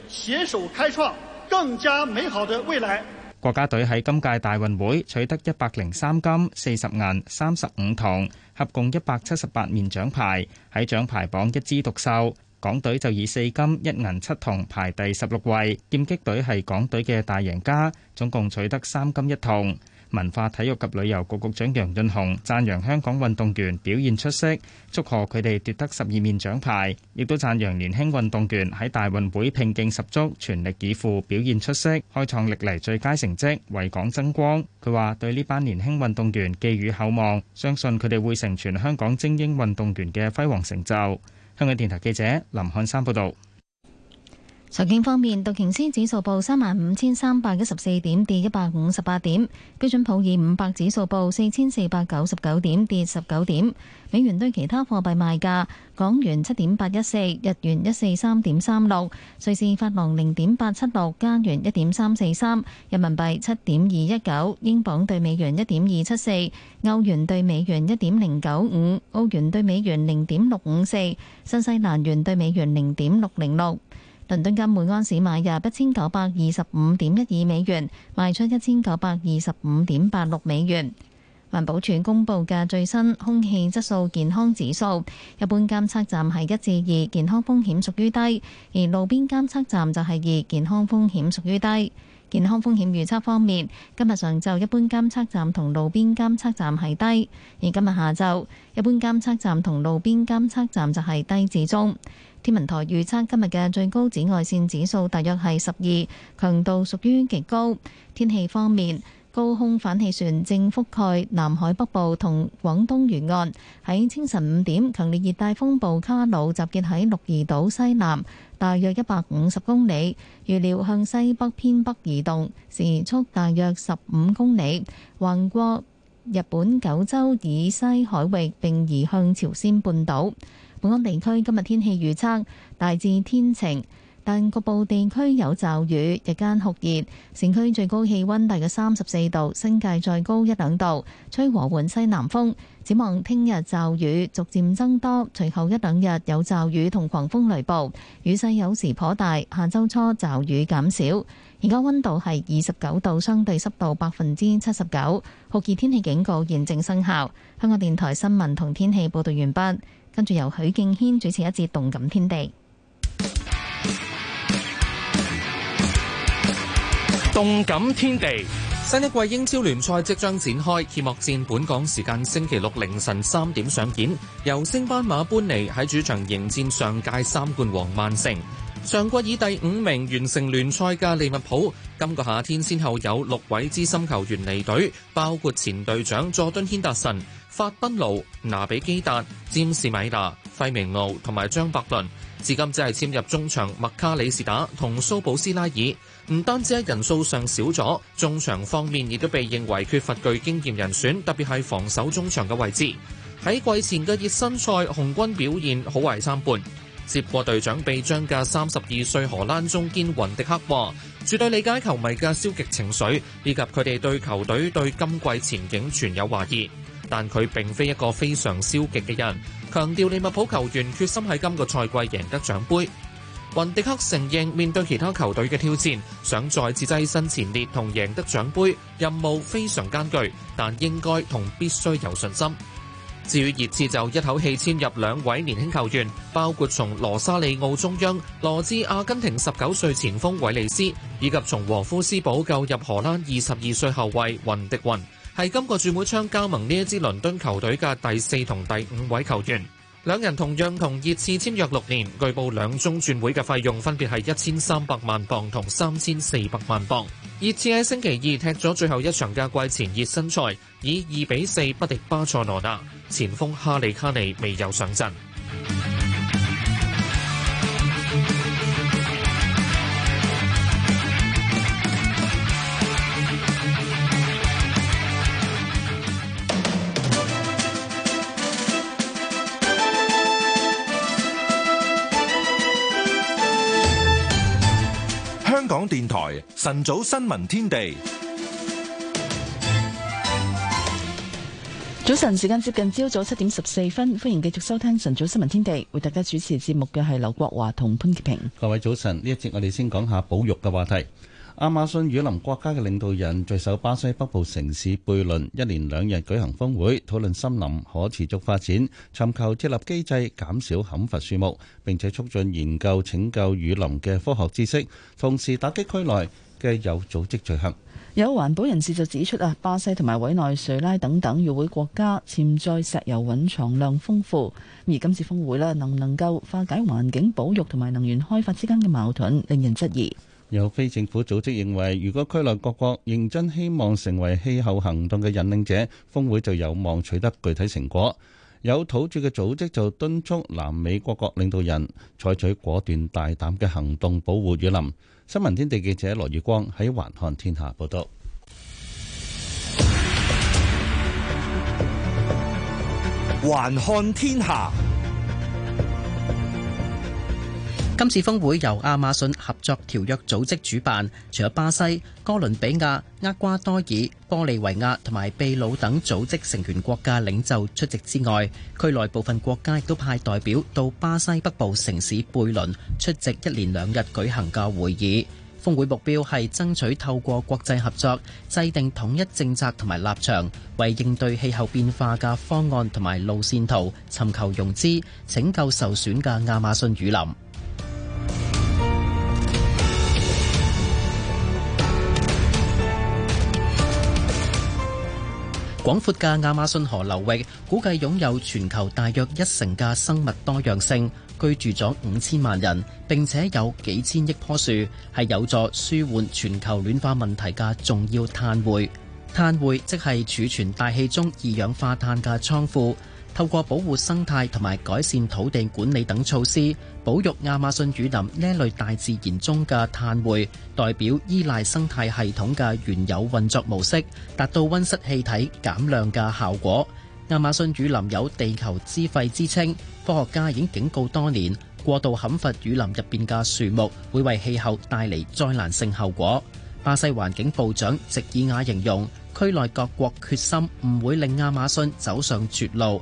G: 攜手開創更加美好的未來。
H: 國家隊喺今屆大運會取得一百零三金、四十銀、三十五銅，合共一百七十八面獎牌，喺獎牌榜一枝獨秀。港隊就以四金一銀七銅排第十六位。劍擊隊係港隊嘅大贏家，總共取得三金一銅。文化、體育及旅遊局局長楊潤雄讚揚香港運動員表現出色，祝賀佢哋奪得十二面獎牌，亦都讚揚年輕運動員喺大運會拼勁十足、全力以赴表現出色，開創歷嚟最佳成績，為港增光。佢話對呢班年輕運動員寄予厚望，相信佢哋會成全香港精英運動員嘅輝煌成就。香港電台記者林漢山報道。
K: 財經方面，道瓊斯指數報三萬五千三百一十四點，跌一百五十八點；標準普爾五百指數報四千四百九十九點，跌十九點。美元對其他貨幣賣價：港元七點八一四，日元一四三點三六，瑞士法郎零點八七六，加元一點三四三，人民幣七點二一九，英鎊對美元一點二七四，歐元對美元一點零九五，澳元對美元零點六五四，新西蘭元對美元零點六零六。倫敦金每安士買入一千九百二十五點一二美元，賣出一千九百二十五點八六美元。環保署公布嘅最新空氣質素健康指數，一般監測站係一至二，健康風險屬於低；而路邊監測站就係二，健康風險屬於低。健康風險預測方面，今日上晝一般監測站同路邊監測站係低，而今日下晝一般監測站同路邊監測站就係低至中。天文台預測今日嘅最高紫外線指數大約係十二，強度屬於極高。天氣方面，高空反氣旋正覆蓋南海北部同廣東沿岸。喺清晨五點，強烈熱帶風暴卡努集結喺鹿兒島西南，大約一百五十公里，預料向西北偏北移動，時速大約十五公里，橫過日本九州以西海域，並移向朝鮮半島。本港地區今日天氣預測，大致天晴，但局部地區有驟雨。日間酷熱，城區最高氣溫大約三十四度，新界再高一兩度，吹和緩西南風，展望聽日驟雨逐漸增多，隨後一兩日有驟雨同狂風雷暴，雨勢有時頗大。下周初驟雨減少。而家溫度係二十九度，相對濕度百分之七十九，酷熱天氣警告現正生效。香港電台新聞同天氣報道完畢。跟住由許敬軒主持一節《動感天地》。
A: 《動感天地》
K: 新一季英超
A: 聯賽即將展開，揭幕戰，本港時間星期六凌晨三點上演，由升班馬般尼喺主場迎戰上屆三冠王曼城。上季以第五名完成聯賽嘅利物浦，今個夏天先後有六位資深球員離隊，包括前隊長佐敦軒達臣。法賓奴、拿比基達、詹士米娜、費明奴同埋張伯倫，至今只係簽入中場麥卡里斯打同蘇保斯拉爾。唔單止喺人數上少咗，中場方面亦都被認為缺乏具經驗人選，特別係防守中場嘅位置。喺季前嘅熱身賽，紅軍表現好壞參半。接過隊長臂章嘅三十二歲荷蘭中堅雲迪克話，絕對理解球迷嘅消極情緒，以及佢哋對球隊對今季前景存有懷疑。但佢並非一個非常消極嘅人，強調利物浦球員決心喺今個賽季贏得獎盃。雲迪克承認面對其他球隊嘅挑戰，想再次躋身前列同贏得獎盃，任務非常艱巨，但應該同必須有信心。至於熱刺就一口氣簽入兩位年輕球員，包括從羅沙利奧中央羅致阿根廷十九歲前鋒韋利斯，以及從和夫斯堡救入荷蘭二十二歲後衛雲迪雲。係今個轉會窗加盟呢一支倫敦球隊嘅第四同第五位球員，兩人同樣同熱刺簽約六年，據報兩宗轉會嘅費用分別係一千三百萬鎊同三千四百萬鎊。熱刺喺星期二踢咗最後一場嘅季前熱身賽，以二比四不敵巴塞羅那，前鋒哈利卡尼未有上陣。電台晨早新聞天地，
D: 早
C: 晨時間接近朝早七點十四分，歡迎繼續收聽晨早新聞天地。為大家主持節目嘅係劉國華同潘潔平。
D: 各位早晨，呢一節我哋先講下保育嘅話題。亞馬遜雨林國家嘅領導人聚首巴西北部城市貝倫，一連兩日舉行峰會，討論森林可持續發展，尋求設立機制減少砍伐樹木，並且促進研究拯救雨林嘅科學知識，同時打擊區內嘅有組織罪行。
C: 有環保人士就指出啊，巴西同埋委內瑞拉等等與會國家，潛在石油蘊藏量豐富，而今次峰會呢，能唔能夠化解環境保育同埋能源開發之間嘅矛盾，令
D: 人質疑。有非政府組織認為，如果區內各國認真希望成為氣候行動嘅引領者，峰會就有望取得具體成果。有土著嘅組織就敦促南美各國領導人採取果斷大膽嘅行動，保護雨林。新聞天地記者羅月光喺環看天下報道。環看天下。
A: 今
J: 次峰會由亞馬遜合作條約組織主辦，除咗巴西、哥倫比亞、厄瓜多爾、玻利維亞同埋秘魯等組織成員國嘅領袖出席之外，區內部分國家亦都派代表到巴西北部城市貝倫出席一連兩日舉行嘅會議。峰會目標係爭取透過國際合作制定統一政策同埋立場，為應對氣候變化嘅方案同埋路線圖尋求融資，拯救受損嘅亞馬遜雨林。廣闊嘅亞馬遜河流域，估計擁有全球大約一成嘅生物多樣性，居住咗五千萬人，並且有幾千億棵樹，係有助舒緩全球暖化問題嘅重要碳匯。碳匯即係儲存大氣中二氧化碳嘅倉庫。透過保護生態同埋改善土地管理等措施，保育亞馬遜雨林呢類大自然中嘅碳匯，代表依賴生態系統嘅原有運作模式，達到温室氣體減量嘅效果。亞馬遜雨林有地球之肺之稱，科學家已經警告多年，過度砍伐雨林入邊嘅樹木，會為氣候帶嚟災難性後果。巴西環境部長席爾瓦形容，區內各國決心唔會令亞馬遜走上絕路。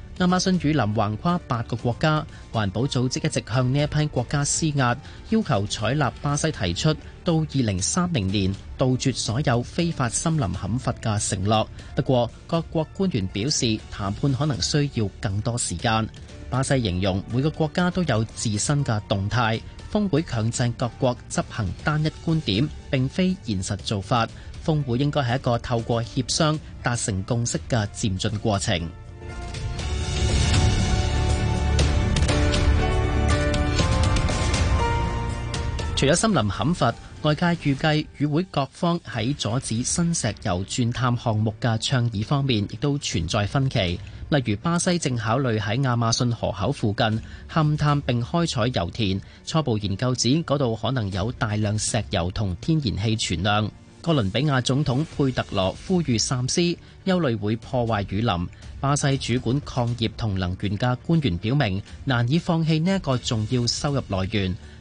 J: 亞馬遜雨林橫跨八個國家，環保組織一直向呢一批國家施壓，要求採納巴西提出到二零三零年杜絕所有非法森林砍伐嘅承諾。不過，各國官員表示談判可能需要更多時間。巴西形容每個國家都有自身嘅動態，峰會強制各國執行單一觀點，並非現實做法。峰會應該係一個透過協商達成共識嘅漸進過程。除咗森林砍伐，外界預計與會各方喺阻止新石油鑽探項目嘅倡議方面，亦都存在分歧。例如，巴西正考慮喺亞馬遜河口附近勘探並開採油田。初步研究指嗰度可能有大量石油同天然氣存量。哥倫比亞總統佩特羅呼籲三思，憂慮會破壞雨林。巴西主管礦業同能源嘅官員表明，難以放棄呢一個重要收入來源。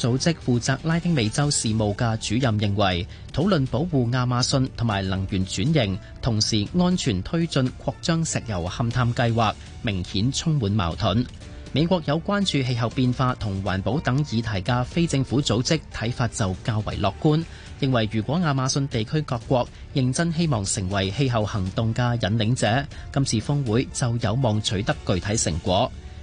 J: 組織負責拉丁美洲事務嘅主任認為，討論保護亞馬遜同埋能源轉型，同時安全推進擴張石油勘探計劃，明顯充滿矛盾。美國有關注氣候變化同環保等議題嘅非政府組織睇法就較為樂觀，認為如果亞馬遜地區各國認真希望成為氣候行動嘅引領者，今次峰會就有望取得具體成果。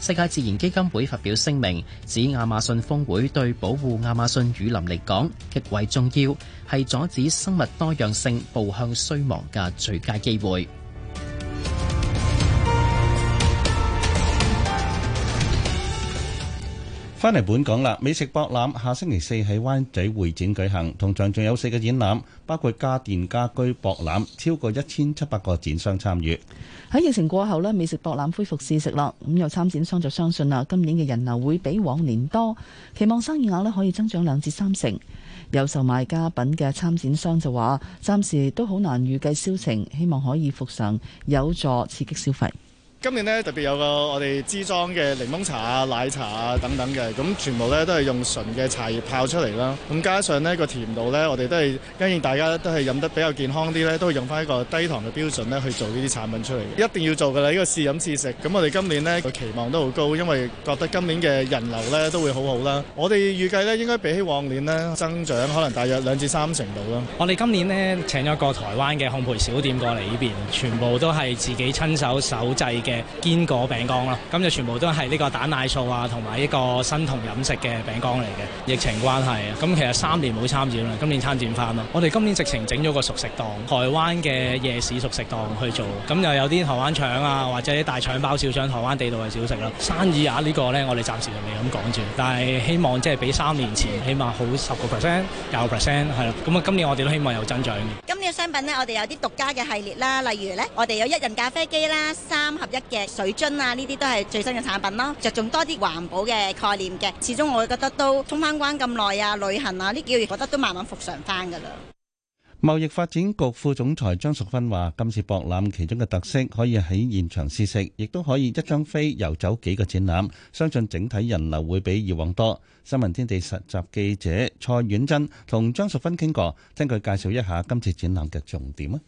J: 世界自然基金會發表聲明，指亞馬遜峰會對保護亞馬遜雨林嚟講極為重要，係阻止生物多樣性步向衰亡嘅最佳機會。
D: 返嚟本港啦！美食博覽下星期四喺灣仔會展舉行，同場仲有四個展覽，包括家電家居博覽，超過一千七百個展商參與。喺疫
C: 情過後咧，美食博覽恢復試食啦，咁有參展商就相信啦，今年嘅人流會比往年多，期望生意額咧可以增長兩至三成。有售賣家品嘅參展商就話，暫時都好難預計銷情，希望可以復常，有助刺激消費。
G: 今年咧特別有個我哋支裝嘅檸檬茶啊、奶茶啊等等嘅，咁全部咧都係用純嘅茶葉泡出嚟啦。咁加上呢個甜度咧，我哋都係因應大家都係飲得比較健康啲咧，都會用翻一個低糖嘅標準咧去做呢啲產品出嚟。一定要做㗎啦，呢個試飲試食。咁我哋今年呢個期望都好高，因為覺得今年嘅人流咧都會好好啦。我哋預計咧應該比起往年咧增長可能大約兩至三成度啦。
L: 我哋今年咧請咗個台灣嘅烘焙小店過嚟呢邊，全部都係自己親手手製嘅。堅果餅乾咯，咁就全部都係呢個蛋奶素啊，同埋呢個生酮飲食嘅餅乾嚟嘅。疫情關係，咁其實三年冇參展啦，今年參展翻咯。我哋今年直情整咗個熟食檔，台灣嘅夜市熟食檔去做，咁又有啲台灣腸啊，或者啲大腸包小腸，台灣地道嘅小食咯。生意啊，呢、呢個呢，我哋暫時就未咁講住，但係希望即係比三年前起碼好十個 percent、九個 percent 係啦。咁啊，今年我哋都希望有增長嘅。
F: 今年嘅商品呢，我哋有啲獨家嘅系列啦，例如呢，我哋有一人咖啡機啦，三盒。一嘅水樽啊，呢啲都係最新嘅產品咯，著重多啲環保嘅概念嘅。始終我覺得都通翻關咁耐啊，旅行啊呢幾個月，覺得都慢慢復常翻噶啦。
D: 貿易發展局副總裁張淑芬話：今次博覽其中嘅特色，可以喺現場試食，亦都可以一張飛遊走幾個展覽。相信整體人流會比以往多。新聞天地實習記者蔡婉珍同張淑芬傾過，聽佢介紹一下今次展覽嘅重點啊。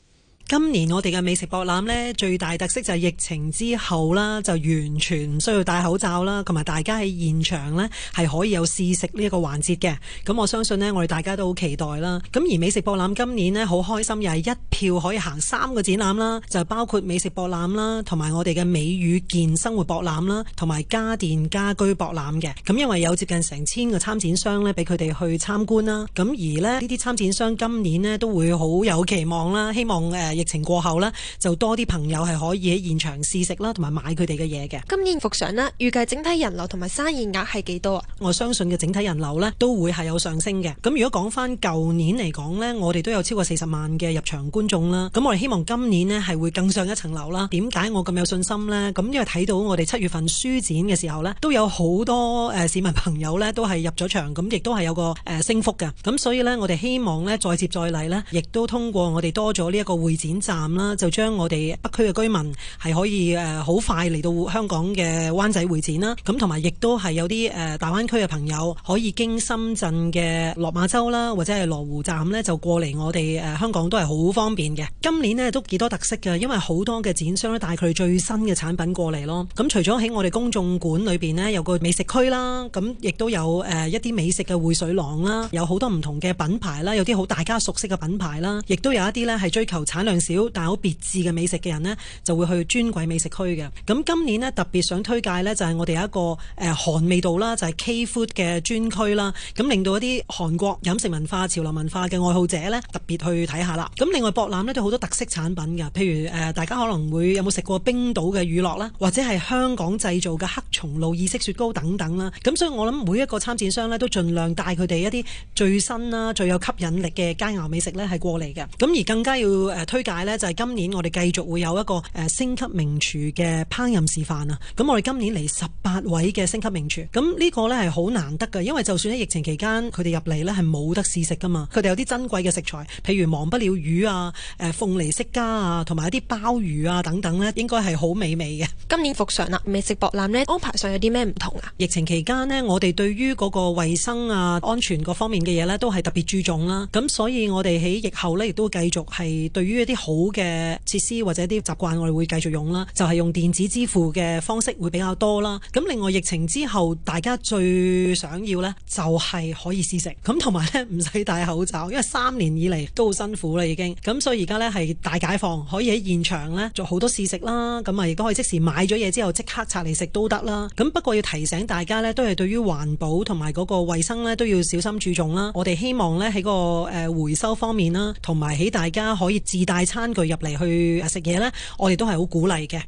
N: 今年我哋嘅美食博覽呢，最大特色就係疫情之後啦，就完全唔需要戴口罩啦，同埋大家喺現場呢，係可以有試食呢一個環節嘅。咁我相信呢，我哋大家都好期待啦。咁而美食博覽今年呢，好開心，又係一票可以行三個展覽啦，就包括美食博覽啦，同埋我哋嘅美與健生活博覽啦，同埋家電家居博覽嘅。咁因為有接近成千個參展商呢，俾佢哋去參觀啦。咁而呢呢啲參展商今年呢，都會好有期望啦，希望誒。呃疫情過後呢就多啲朋友係可以喺現場試食啦，同埋買佢哋嘅嘢嘅。今年復常咧，預計整體人流同埋生意額係幾多啊？我相信嘅整體人流呢都會係有上升嘅。咁如果講返舊年嚟講呢，我哋都有超過四十萬嘅入場觀眾啦。咁我哋希望今年呢係會更上一層樓啦。點解我咁有信心呢？咁因為睇到我哋七月份書展嘅時候呢，都有好多誒市民朋友呢都係入咗場，咁亦都係有個誒升幅嘅。咁所以呢，我哋希望呢，再接再厲呢，亦都通過我哋多咗呢一個會展。展站啦，就將我哋北區嘅居民係可以誒好快嚟到香港嘅灣仔會展啦。咁同埋亦都係有啲誒大灣區嘅朋友可以經深圳嘅落馬洲啦，或者係羅湖站咧就過嚟我哋誒香港都係好方便嘅。今年呢，都幾多特色嘅，因為好多嘅展商咧帶佢最新嘅產品過嚟咯。咁除咗喺我哋公眾館裏邊呢，有個美食區啦，咁亦都有誒一啲美食嘅匯水廊啦，有好多唔同嘅品牌啦，有啲好大家熟悉嘅品牌啦，亦都有一啲咧係追求產量少但好別致嘅美食嘅人呢，就會去專櫃美食區嘅。咁今年呢，特別想推介呢，就係、是、我哋一個誒、呃、韓味道啦，就係、是、K-Food 嘅專區啦。咁、嗯、令到一啲韓國飲食文化、潮流文化嘅愛好者呢，特別去睇下啦。咁另外博覽呢都好多特色產品㗎，譬如誒、呃、大家可能會有冇食過冰島嘅乳酪啦，或者係香港製造嘅黑松露意式雪糕等等啦。咁所以我諗每一個參展商呢，都盡量帶佢哋一啲最新啦、最有吸引力嘅佳餚美食呢，係過嚟嘅。咁而更加要誒、呃、推解呢就係今年我哋繼續會有一個誒星級名廚嘅烹飪示範啊，咁我哋今年嚟十八位嘅星級名廚，咁呢個呢係好難得噶，因為就算喺疫情期間佢哋入嚟呢係冇得試食噶嘛，佢哋有啲珍貴嘅食材，譬如忘不了魚啊、誒鳳梨釋迦啊，同埋一啲鮑魚啊等等呢，應該係好美味嘅。今年復常啦，美食博覽呢，安排上有啲咩唔同啊？疫情期間呢，我哋對於嗰個衛生啊、安全各方面嘅嘢呢，都係特別注重啦、啊。咁所以我哋喺疫後呢，亦都會繼續係對於一啲。好嘅設施或者啲習慣我哋會繼續用啦，就係用電子支付嘅方式會比較多啦。咁另外疫情之後大家最想要呢，就係可以試食，咁同埋呢，唔使戴口罩，因為三年以嚟都好辛苦啦已經。咁所以而家呢，係大解放，可以喺現場呢做好多試食啦。咁啊亦都可以即時買咗嘢之後即刻拆嚟食都得啦。咁不過要提醒大家呢，都係對於環保同埋嗰個衛生呢，都要小心注重啦。我哋希望呢，喺個誒回收方面啦，同埋喺大家可以自帶。餐具入嚟去食嘢啦，我哋都係好鼓勵嘅。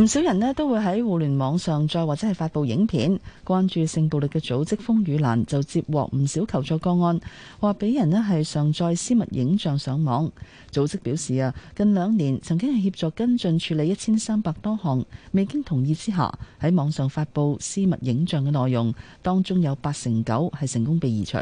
C: 唔少人咧都會喺互聯網上載或者係發布影片，關注性暴力嘅組織風雨蘭就接獲唔少求助個案，話俾人咧係上載私密影像上網。組織表示啊，近兩年曾經係協助跟進處理一千三百多項未經同意之下喺網上發布私密影像嘅內容，當中有八成九係成功被移除。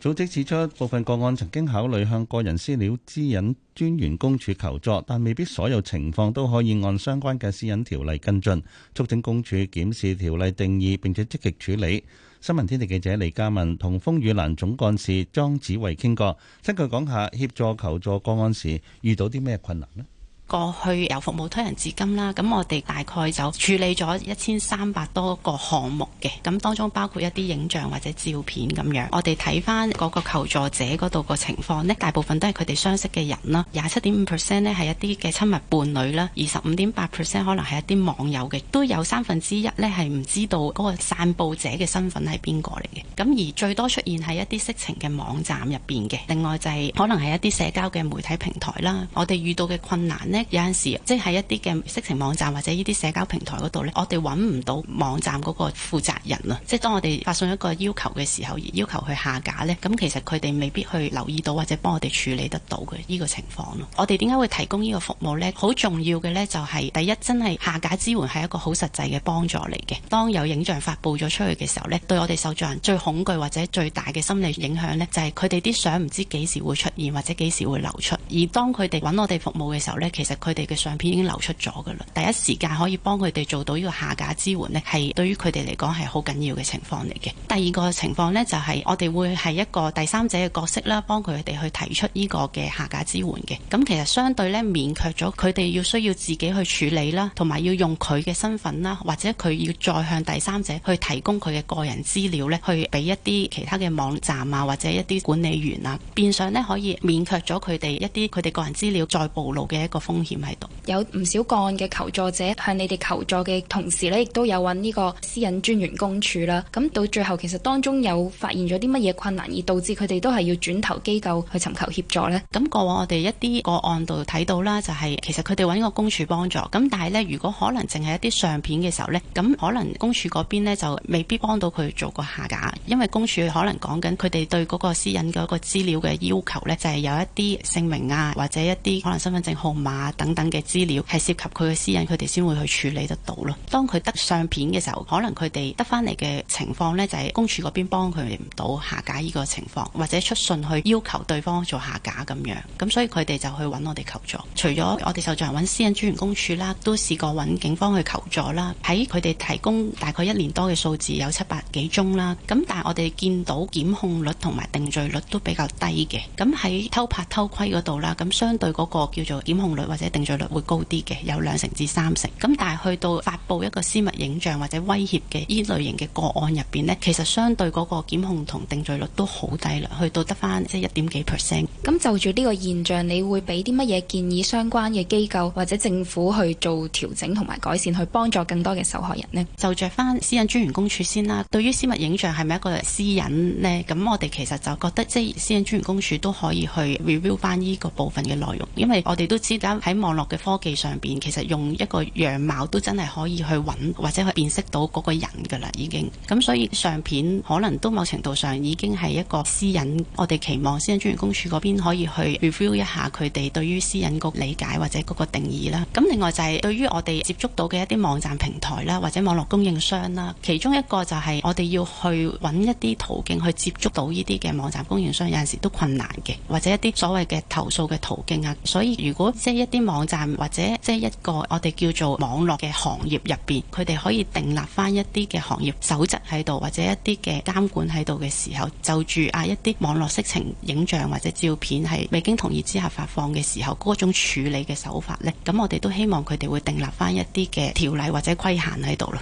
D: 組織指出，部分個案曾經考慮向個人資料私隱專員公署求助，但未必所有情況都可以按相關嘅私隱條例跟進。促請公署檢視條例定義，並且積極處理。新聞天地記者李嘉文同風雨蘭總幹事莊子維傾過，聽佢講下協助求助個案時遇到啲咩困難咧？
O: 過去由服務推人至今啦，咁我哋大概就處理咗一千三百多個項目嘅，咁當中包括一啲影像或者照片咁樣。我哋睇返嗰個求助者嗰度個情況咧，大部分都係佢哋相識嘅人啦，廿七點五 percent 咧係一啲嘅親密伴侶啦，二十五點八 percent 可能係一啲網友嘅，都有三分之一咧係唔知道嗰個散佈者嘅身份係邊個嚟嘅。咁而最多出現喺一啲色情嘅網站入邊嘅，另外就係可能係一啲社交嘅媒體平台啦。我哋遇到嘅困難呢。有陣時，即係一啲嘅色情網站或者呢啲社交平台嗰度呢，我哋揾唔到網站嗰個負責人啊！即係當我哋發送一個要求嘅時候，而要求佢下架呢，咁其實佢哋未必去留意到或者幫我哋處理得到嘅呢、呢個情況咯。我哋點解會提供呢個服務呢？好重要嘅呢、就係，就係第一，真係下架支援係一個好實際嘅幫助嚟嘅。當有影像發布咗出去嘅時候呢，對我哋受助人最恐懼或者最大嘅心理影響呢，就係佢哋啲相唔知幾時會出現或者幾時會流出。而當佢哋揾我哋服務嘅時候呢，其實佢哋嘅相片已經流出咗噶啦，第一時間可以幫佢哋做到呢個下架支援呢，係對於佢哋嚟講係好緊要嘅情況嚟嘅。第二個情況呢，就係、是、我哋會係一個第三者嘅角色啦，幫佢哋去提出呢個嘅下架支援嘅。咁其實相對呢，免卻咗佢哋要需要自己去處理啦，同埋要用佢嘅身份啦，或者佢要再向第三者去提供佢嘅個人資料呢，去俾一啲其他嘅網站啊，或者一啲管理員啊，變相呢，可以免卻咗佢哋一啲佢哋個人資料再暴露嘅一個風險喺度，
M: 有唔少個案嘅求助者向你哋求助嘅同時咧，亦都有揾呢個私隱專員公署啦。咁到最後，其實當中有發現咗啲乜嘢困難，而導致佢哋都係要轉頭機構去尋求協助呢？咁過往我哋一啲個案度睇到
O: 啦，就係其實佢哋揾個公署幫助。咁但係呢，如果可能淨係一啲相片嘅時候呢，咁可能公署嗰邊呢，就未必幫到佢做個下架，因為公署可能講緊佢哋對嗰個私隱嗰個資料嘅要求呢，就係有一啲姓名啊，或者一啲可能身份證號碼啊。等等嘅資料係涉及佢嘅私隱，佢哋先會去處理得到咯。當佢得相片嘅時候，可能佢哋得返嚟嘅情況呢，就係公署嗰邊幫佢哋唔到下架呢個情況，或者出信去要求對方做下架咁樣。咁所以佢哋就去揾我哋求助。除咗我哋受助人揾私隱專員公署啦，都試過揾警方去求助啦。喺佢哋提供大概一年多嘅數字，有七百幾宗啦。咁但係我哋見到檢控率同埋定罪率都比較低嘅。咁喺偷拍偷窺嗰度啦，咁相對嗰個叫做檢控率。或者定罪率會高啲嘅，有兩成至三成。咁但係去到發布一個私密影像或者威脅嘅依類型嘅個案入邊咧，其實相對嗰個檢控同定罪率都好低啦，去到得翻即係一點幾 percent。
M: 咁就住呢個現象，你會俾啲乜嘢建議相關嘅機構或者政府去做調整同埋改善，去幫助更多嘅受害人咧？
O: 就着翻私隱專員公署先啦。對於私密影像係咪一個私隱咧？咁我哋其實就覺得即係私隱專員公署都可以去 review 翻呢個部分嘅內容，因為我哋都知而喺網絡嘅科技上邊，其實用一個樣貌都真係可以去揾或者去辨識到嗰個人噶啦，已經咁所以相片可能都某程度上已經係一個私隱。我哋期望私隱專員公署嗰邊可以去 review 一下佢哋對於私隱個理解或者嗰個定義啦。咁另外就係對於我哋接觸到嘅一啲網站平台啦，或者網絡供應商啦，其中一個就係我哋要去揾一啲途徑去接觸到呢啲嘅網站供應商，有陣時都困難嘅，或者一啲所謂嘅投訴嘅途徑啊。所以如果即係一啲網站或者即係一個我哋叫做網絡嘅行業入邊，佢哋可以訂立翻一啲嘅行業守則喺度，或者一啲嘅監管喺度嘅時候，就住啊一啲網絡色情影像或者照片係未經同意之下發放嘅時候，嗰種處理嘅手法呢，咁我哋都希望佢哋會訂立翻一啲嘅條例或者規限喺度咯。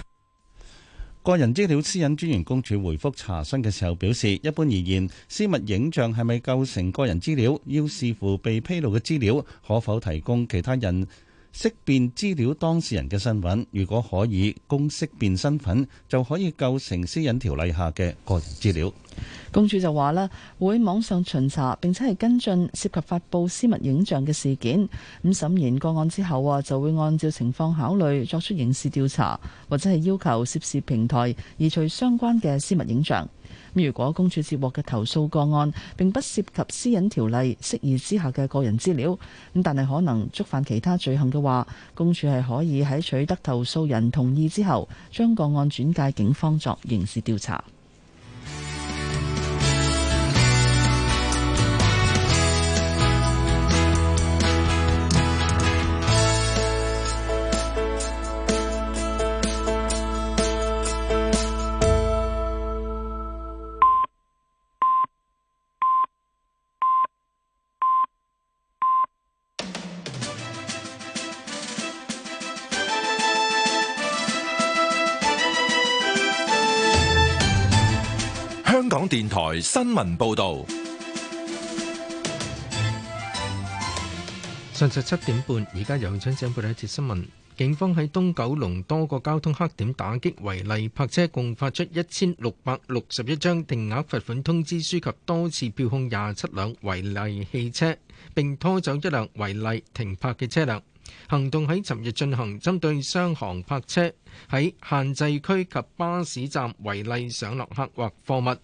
D: 個人資料私隱專員公署回覆查詢嘅時候表示，一般而言，私密影像係咪構成個人資料，要視乎被披露嘅資料可否提供其他人。識辨資料當事人嘅身份，如果可以供識辨身份，就可以構成私隱條例下嘅個人資料。
C: 公署就話啦，會網上巡查，並且係跟進涉及發佈私密影像嘅事件。咁審驗個案之後啊，就會按照情況考慮作出刑事調查，或者係要求涉事平台移除相關嘅私密影像。如果公署接獲嘅投訴個案，並不涉及私隱條例適宜之下嘅個人資料，咁但係可能觸犯其他罪行嘅話，公署係可以喺取得投訴人同意之後，將個案轉介警方作刑事調查。
A: 電台新聞報道：
B: 上晝七點半，而家由張姐報道一節新聞。警方喺東九龍多個交通黑點打擊違例泊車，共發出一千六百六十一張定額罰款通知書及多次票控廿七輛違例汽車，並拖走一輛違例停泊嘅車輛。行動喺尋日進行，針對商行泊車喺限制區及巴士站違例上落客或貨物、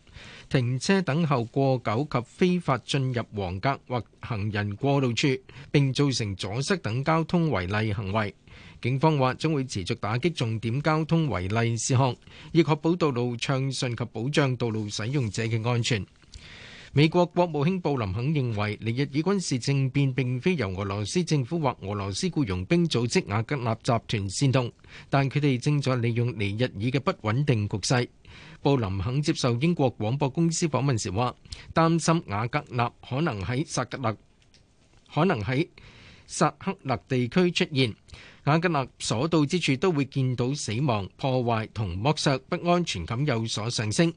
B: 停車等候過久及非法進入黃格或行人過路處並造成阻塞等交通違例行為。警方話將會持續打擊重點交通違例事項，以確保道路暢順及保障道路使用者嘅安全。美國國務卿布林肯認為，尼日爾軍事政變並非由俄羅斯政府或俄羅斯僱傭兵組織瓦格納集團煽動，但佢哋正在利用尼日爾嘅不穩定局勢。布林肯接受英國廣播公司訪問時話，擔心瓦格納可能喺薩格勒，可能喺薩克勒地區出現。瓦格納所到之處都會見到死亡、破壞同剝削，不安全感有所上升。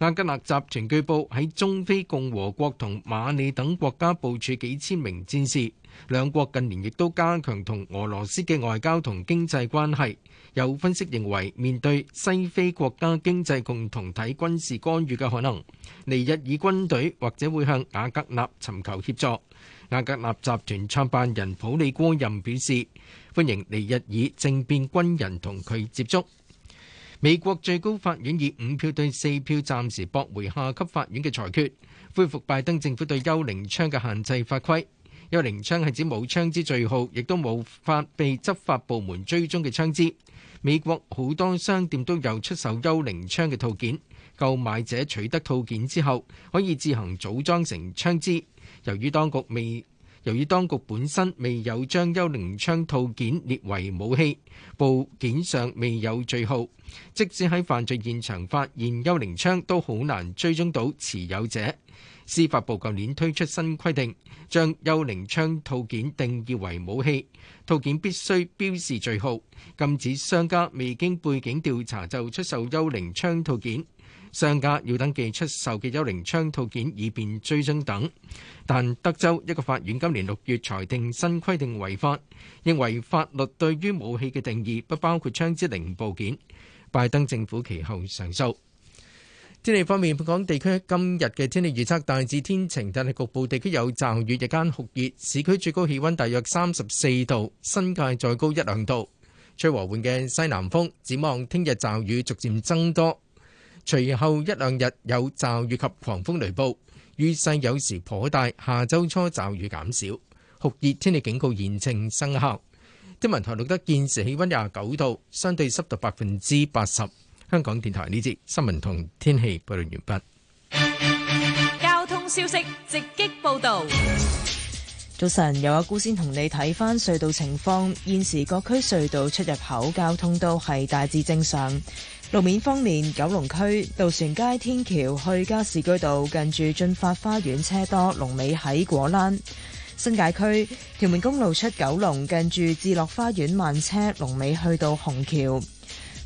B: 阿瓦格納集團據報喺中非共和國同馬里等國家部署幾千名戰士，兩國近年亦都加強同俄羅斯嘅外交同經濟關係。有分析認為，面對西非國家經濟共同體軍事干預嘅可能，尼日爾軍隊或者會向瓦格納尋求協助。瓦格納集團創辦人普里戈任表示，歡迎尼日爾政變軍人同佢接觸。美國最高法院以五票對四票暫時駁回下級法院嘅裁決，恢復拜登政府對幽靈槍嘅限制法規。幽靈槍係指冇槍支序號，亦都冇法被執法部門追蹤嘅槍支。美國好多商店都有出售幽靈槍嘅套件，購買者取得套件之後，可以自行組裝成槍支。由於當局未由於當局本身未有將幽靈槍套件列為武器，部件上未有序號，即使喺犯罪現場發現幽靈槍，都好難追蹤到持有者。司法部舊年推出新規定，將幽靈槍套件定義為武器，套件必須標示序號，禁止商家未經背景調查就出售幽靈槍套件。商家要登記出售嘅幽靈槍套件以便追蹤等，但德州一個法院今年六月裁定新規定違法，認為法律對於武器嘅定義不包括槍支零部件。拜登政府其後上訴。天氣方面，本港地區今日嘅天氣預測大致天晴，但係局部地區有驟雨，日間酷熱，市區最高氣温大約三十四度，新界再高一兩度，吹和緩嘅西南風，展望聽日驟雨逐漸增多。隨後一兩日有驟雨及狂風雷暴，雨勢有時頗大。下周初驟雨減少，酷熱天氣警告現正生效。天文台錄得現時氣溫廿九度，相對濕度百分之八十。香港電台呢節新聞同天氣報道完畢。
N: 交通消息直擊報道。
M: 早晨，有阿姑先同你睇翻隧道情況。現時各區隧道出入口交通都係大致正常。路面方面，九龍區渡船街天橋去加士居道近住駿發花園車多，龍尾喺果欄；新界區屯門公路出九龍近住置樂花園慢車，龍尾去到虹橋。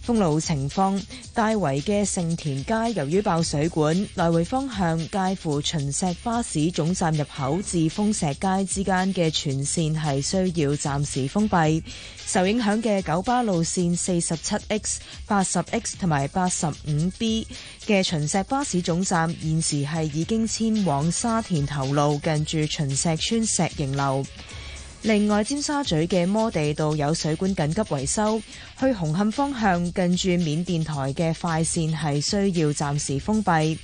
M: 封路情況，大圍嘅盛田街由於爆水管，來回方向介乎秦石巴士總站入口至豐石街之間嘅全線係需要暫時封閉。受影響嘅九巴路線四十七 x、八十 x 同埋八十五 b 嘅秦石巴士總站現時係已經遷往沙田頭路，近住秦石村石型樓。另外，尖沙咀嘅摩地道有水管緊急維修，去紅磡方向近住緬甸台嘅快線係需要暫時封閉。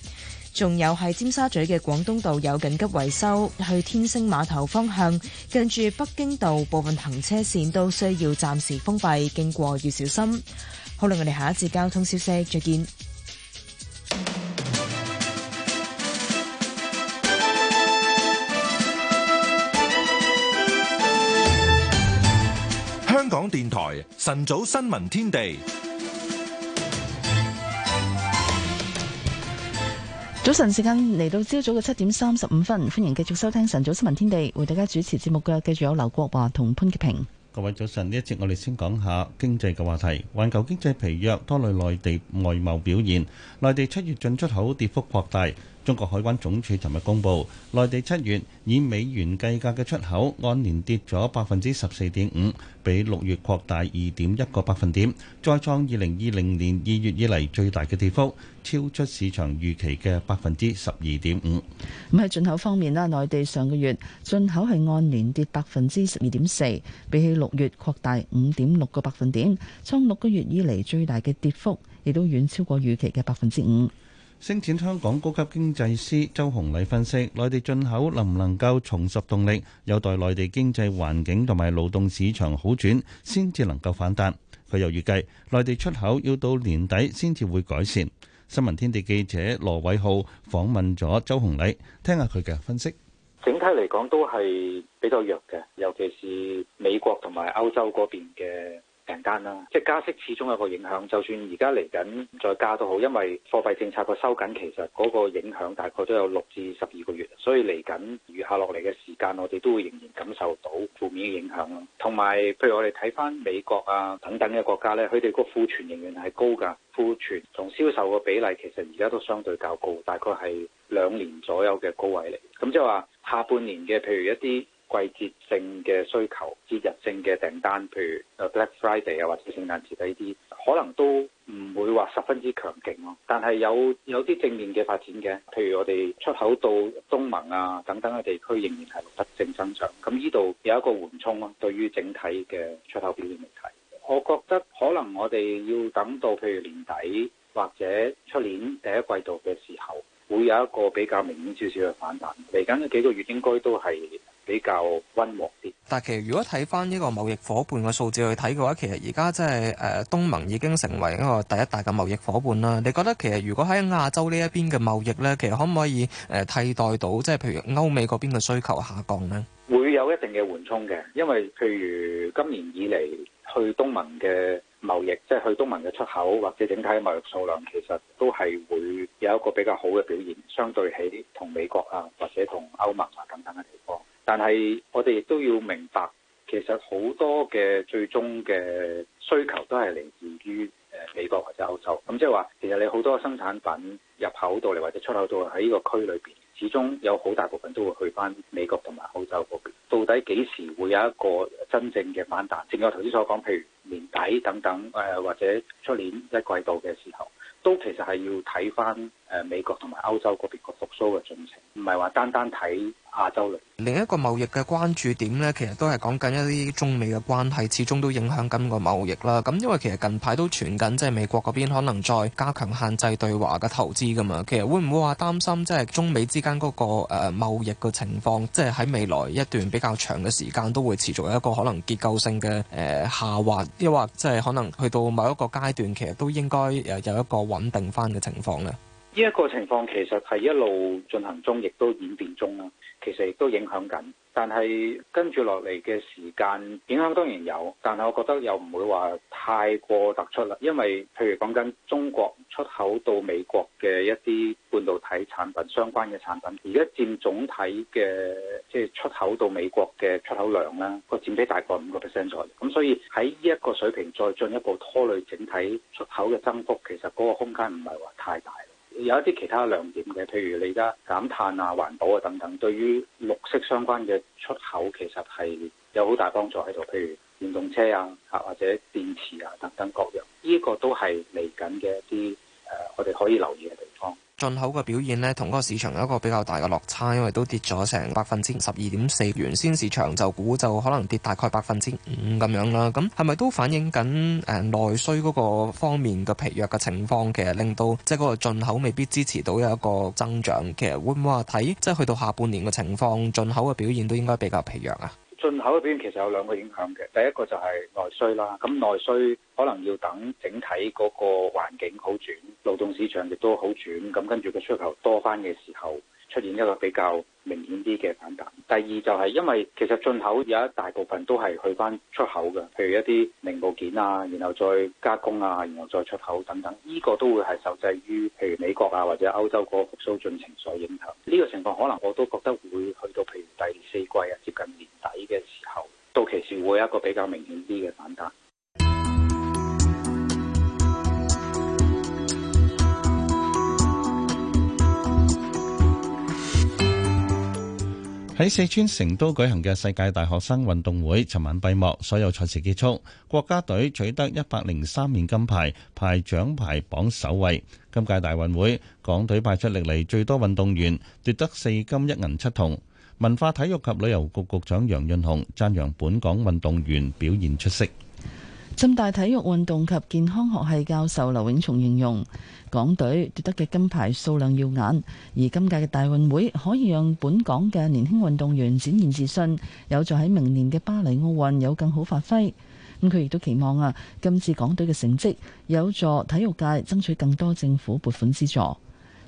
M: 仲有係尖沙咀嘅廣東道有緊急維修，去天星碼頭方向近住北京道部分行車線都需要暫時封閉，經過要小心。好啦，我哋下一節交通消息再見。
A: 港電台晨早新聞天地，
C: 早晨時間嚟到朝早嘅七點三十五分，歡迎繼續收聽晨早新聞天地，為大家主持節目嘅繼續有劉國華同潘潔
D: 平。各位早晨，呢一節我哋先講下經濟嘅話題。環球經濟疲弱，拖累內地外貿表現，內地七月進出口跌幅擴大。中國海關總署尋日公布，內地七月以美元計價嘅出口按年跌咗百分之十四點五，比六月擴大二點一個百分點，再創二零二零年二月以嚟最大嘅跌幅，超出市場預期嘅百分之十二點五。
C: 咁喺進口方面啦，內地上個月進口係按年跌百分之十二點四，比起六月擴大五點六個百分點，創六個月以嚟最大嘅跌幅，亦都遠超過預期嘅百分之五。
D: 升展香港高級經濟師周洪禮分析，內地進口能唔能夠重拾動力，有待內地經濟環境同埋勞動市場好轉先至能夠反彈。佢又預計內地出口要到年底先至會改善。新聞天地記者羅偉浩訪問咗周洪禮，聽下佢嘅分析。
E: 整體嚟講都係比較弱嘅，尤其是美國同埋歐洲嗰邊嘅。成間啦，即係加息始終有個影響。就算而家嚟緊再加都好，因為貨幣政策個收緊其實嗰個影響大概都有六至十二個月，所以嚟緊餘下落嚟嘅時間，我哋都會仍然感受到負面嘅影響。同埋，譬如我哋睇翻美國啊等等嘅國家呢，佢哋個庫存仍然係高㗎，庫存同銷售個比例其實而家都相對較高，大概係兩年左右嘅高位嚟。咁即係話下半年嘅，譬如一啲。季節性嘅需求、節日性嘅訂單，譬如誒 Black Friday 啊，或者聖誕節呢啲，可能都唔會話十分之強勁咯。但係有有啲正面嘅發展嘅，譬如我哋出口到東盟啊等等嘅地區，仍然係得正增長。咁呢度有一個緩衝咯，對於整體嘅出口表現嚟睇，我覺得可能我哋要等到譬如年底或者出年第一季度嘅時候，會有一個比較明顯少少嘅反彈。嚟緊嘅幾個月應該都係比較溫和
I: 啲。但係其實如果睇返呢個貿易夥伴嘅數字去睇嘅話，其實而家即係誒東盟已經成為一個第一大嘅貿易夥伴啦。你覺得其實如果喺亞洲呢一邊嘅貿易呢，其實可唔可以誒、呃、替代到即係譬如歐美嗰邊嘅需求下降呢？
E: 會有一定嘅緩衝嘅，因為譬如今年以嚟去東盟嘅貿易，即係去東盟嘅出口或者整體嘅貿易數量，其實都係會有一個比較好嘅表現，相對起同美國啊或者同歐盟啊等等嘅地方。但係，我哋亦都要明白，其實好多嘅最終嘅需求都係嚟自於誒美國或者歐洲。咁即係話，其實你好多生產品入口到嚟或者出口到嚟喺呢個區裏邊，始終有好大部分都會去翻美國同埋歐洲嗰邊。到底幾時會有一個真正嘅反彈？正如我頭先所講，譬如年底等等誒、呃，或者出年一季度嘅時候，都其實係要睇翻。誒、啊、美國
I: 同埋歐洲嗰邊個復甦嘅進程，唔係話單單睇亞洲。另一個貿易嘅關注點呢，其實都係講緊一啲中美嘅關係，始終都影響緊個貿易啦。咁、嗯、因為其實近排都傳緊，即、就、係、是、美國嗰邊可能再加強限制對華嘅投資㗎嘛。其實會唔會話擔心即係、就是、中美之間嗰、那個誒、呃、貿易嘅情況，即係喺未來一段比較長嘅時間都會持續有一個可能結構性嘅誒、呃、下滑，又或即係可能去到某一個階段，其實都應該誒有一個穩定返嘅情況呢？
E: 呢一個情況其實係一路進行中，亦都演變中啦。其實亦都影響緊，但係跟住落嚟嘅時間影響當然有，但係我覺得又唔會話太過突出啦。因為譬如講緊中國出口到美國嘅一啲半導體產品相關嘅產品，而家佔總體嘅即係出口到美國嘅出口量啦，個佔比大概五個 percent 左右，咁所以喺呢一個水平再進一步拖累整體出口嘅增幅，其實嗰個空間唔係話太大。有一啲其他亮點嘅，譬如你而家減碳啊、環保啊等等，對於綠色相關嘅出口其實係有好大幫助喺度，譬如電動車啊、嚇或者電池啊等等各樣，呢個都係嚟緊嘅一啲誒，我哋可以留意嘅地方。
I: 進口嘅表現咧，同嗰個市場有一個比較大嘅落差，因為都跌咗成百分之十二點四，原先市場就估就可能跌大概百分之五咁樣啦。咁係咪都反映緊誒、呃、內需嗰個方面嘅疲弱嘅情況？其實令到即係嗰個進口未必支持到有一個增長。其實會唔會話睇即係去到下半年嘅情況，進口嘅表現都應該比較疲弱啊？
E: 進口入邊其實有兩個影響嘅，第一個就係內需啦，咁內需可能要等整體嗰個環境好轉，勞動市場亦都好轉，咁跟住個需求多返嘅時候，出現一個比較明顯啲嘅反彈。第二就係因為其實進口有一大部分都係去翻出口嘅，譬如一啲零部件啊，然後再加工啊，然後再出口等等，呢個都會係受制於譬如美國啊或者歐洲個復甦進程所影響。呢個情況可能我都覺得會去到譬如第四季啊，接近年底嘅時候，到期時會有一個比較明顯啲嘅反彈。
D: 喺四川成都舉行嘅世界大學生運動會，尋晚閉幕，所有賽事結束，國家隊取得一百零三面金牌，排獎牌榜首位。今屆大運會，港隊派出歷嚟最多運動員，奪得四金一銀七銅。文化體育及旅遊局局長楊潤雄讚揚本港運動員表現出色。
C: 浸大體育運動及健康學系教授劉永松形容，港隊奪得嘅金牌數量耀眼，而今屆嘅大運會可以讓本港嘅年輕運動員展現自信，有助喺明年嘅巴黎奧運有更好發揮。咁佢亦都期望啊，今次港隊嘅成績有助體育界爭取更多政府撥款資助。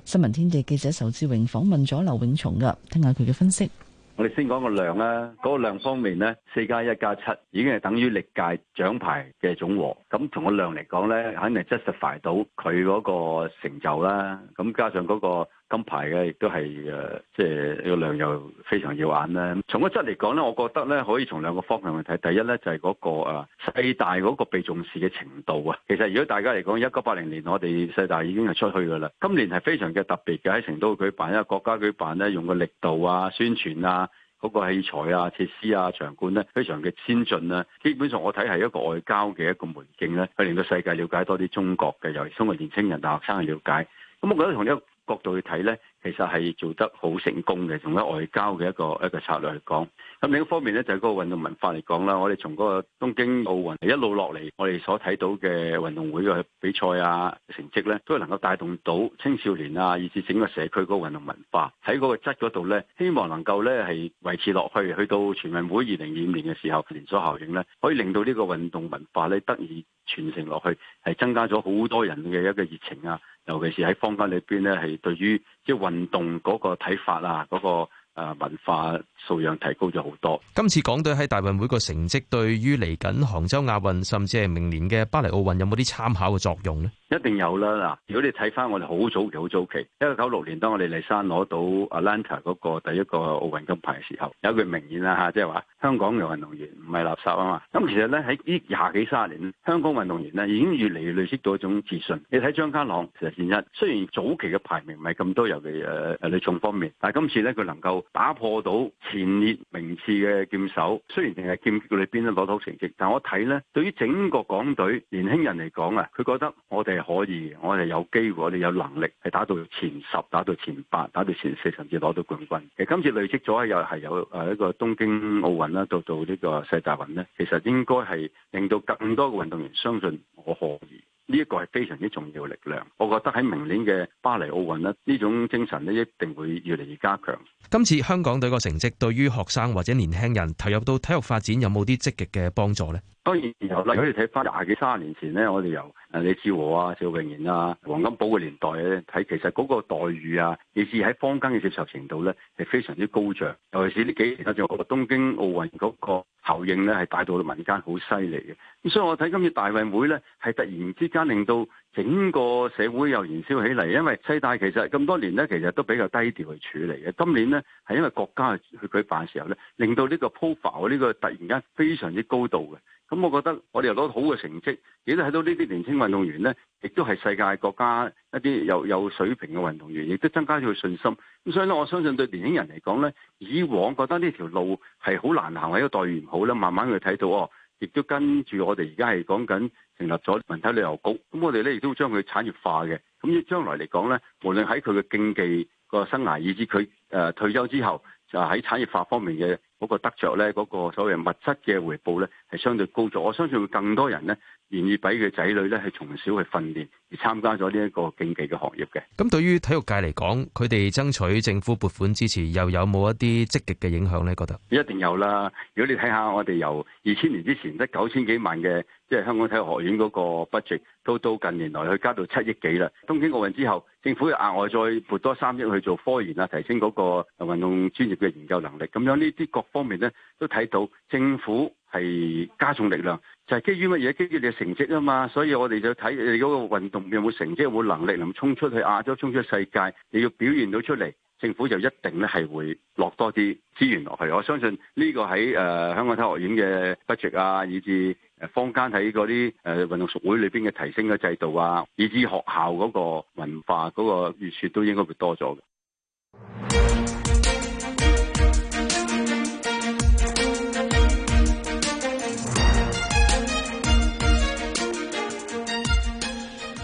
C: 新聞天地記者仇志榮訪問咗劉永松㗎，聽下佢嘅分析。
P: 我哋先講個量啦，嗰個量方面咧，四加一加七已經係等於歷屆獎牌嘅總和。咁同個量嚟講咧，肯定係 justify 到佢嗰個成就啦。咁加上嗰個，金牌嘅亦都係誒，即係個量又非常耀眼啦。從個質嚟講咧，我覺得咧，可以從兩個方向去睇。第一咧就係、是、嗰、那個誒、啊、世大嗰個被重視嘅程度啊。其實如果大家嚟講，一九八零年我哋世大已經係出去噶啦。今年係非常嘅特別嘅喺成都舉辦一個國家舉辦咧，用嘅力度啊、宣傳啊、嗰、那個器材啊、設施啊、場館咧，非常嘅先進啊。基本上我睇係一個外交嘅一個門徑咧，去令到世界了解多啲中國嘅，尤其中國年輕人、大學生嘅了解。咁我覺得同一。角度去睇咧，其實係做得好成功嘅，從咧外交嘅一個一個策略嚟講。咁另一方面咧，就係嗰個運動文化嚟講啦，我哋從嗰個東京奧運一路落嚟，我哋所睇到嘅運動會嘅比賽啊、成績咧，都係能夠帶動到青少年啊，以至整個社區嗰個運動文化喺嗰個質嗰度咧，希望能夠咧係維持落去，去到全運會二零二五年嘅時候，連鎖效應咧，可以令到呢個運動文化咧得以傳承落去，係增加咗好多人嘅一個熱情啊，尤其是喺坊間裏邊咧，係對於即係運動嗰個睇法啊，嗰個。啊，文化素養提高咗好多。
B: 今次港隊喺大運會個成績，對於嚟緊杭州亞運，甚至係明年嘅巴黎奧運，有冇啲參考嘅作用呢？
P: 一定有啦。嗱，如果你睇翻我哋好早，早期、好早期，一九九六年當我哋麗珊攞到 Atlanta 嗰個第一個奧運金牌嘅時候，有句名言啦吓，即係話香港嘅運動員唔係垃圾啊嘛。咁其實咧喺呢廿幾卅年，香港運動員呢已經越嚟越累積到一種自信。你睇張家朗，其石建一，雖然早期嘅排名唔係咁多，尤其誒誒女重方面，但係今次咧佢能夠。打破到前列名次嘅劍手，雖然淨係劍擊裏邊都攞到成績，但我睇咧，對於整個港隊年輕人嚟講啊，佢覺得我哋可以，我哋有機會，我哋有能力係打到前十，打到前八，打到前四，甚至攞到冠軍。其實今次累積咗又係有誒一個東京奧運啦，到到呢個世大運咧，其實應該係令到更多嘅運動員相信我可以。呢一個係非常之重要嘅力量，我覺得喺明年嘅巴黎奧運咧，呢種精神咧一定會越嚟越加強。
B: 今次香港隊個成績對於學生或者年輕人投入到體育發展有冇啲積極嘅幫
P: 助咧？當然由啦，如果你睇翻廿幾三十年前咧，我哋由李志和啊、趙榮然啊、黃金寶嘅年代咧，睇其實嗰個待遇啊，以至喺坊間嘅接受程度咧，係非常之高漲。尤其是呢幾年咧、啊，就東京奧運嗰個效應咧，係帶到民間好犀利嘅。咁所以我睇今次大運會咧，係突然之間令到整個社會又燃燒起嚟。因為世大其實咁多年咧，其實都比較低調去處理嘅。今年咧係因為國家去舉辦時候咧，令到呢個鋪發呢、呢個突然間非常之高度嘅。咁、嗯、我覺得我哋又攞到好嘅成績，亦都睇到呢啲年輕運動員咧，亦都係世界國家一啲有有水平嘅運動員，亦都增加咗信心。咁所以咧，我相信對年輕人嚟講咧，以往覺得呢條路係好難行嘅，一個待遇唔好啦，慢慢去睇到哦，亦都跟住我哋而家係講緊成立咗文體旅遊局，咁、嗯、我哋咧亦都將佢產業化嘅。咁、嗯、將來嚟講咧，無論喺佢嘅競技個生涯以，以至佢誒退休之後，就喺產業化方面嘅。嗰個得着咧，嗰個所謂物質嘅回報咧，係相對高咗。我相信會更多人咧願意俾佢仔女咧，係從小去訓練，而參加咗呢一個競技嘅行業嘅。
B: 咁對於體育界嚟講，佢哋爭取政府撥款支持，又有冇一啲積極嘅影響咧？覺得
P: 一定有啦。如果你睇下我哋由二千年之前得九千幾萬嘅，即係香港體育學院嗰個 budget，都到近年來去加到七億幾啦。東京奧運之後，政府額外再撥多三億去做科研啊，提升嗰個運動專業嘅研究能力。咁樣呢啲國方面咧，都睇到政府係加重力量，就係、是、基於乜嘢？基於你嘅成績啊嘛，所以我哋就睇你嗰個運動有冇成績，有冇能力能衝出去亞洲、衝出世界，你要表現到出嚟，政府就一定咧係會落多啲資源落去。我相信呢個喺誒、呃、香港體育學院嘅 budget 啊，以至誒坊間喺嗰啲誒運動協會裏邊嘅提升嘅制度啊，以至學校嗰個文化嗰個預算都應該會多咗嘅。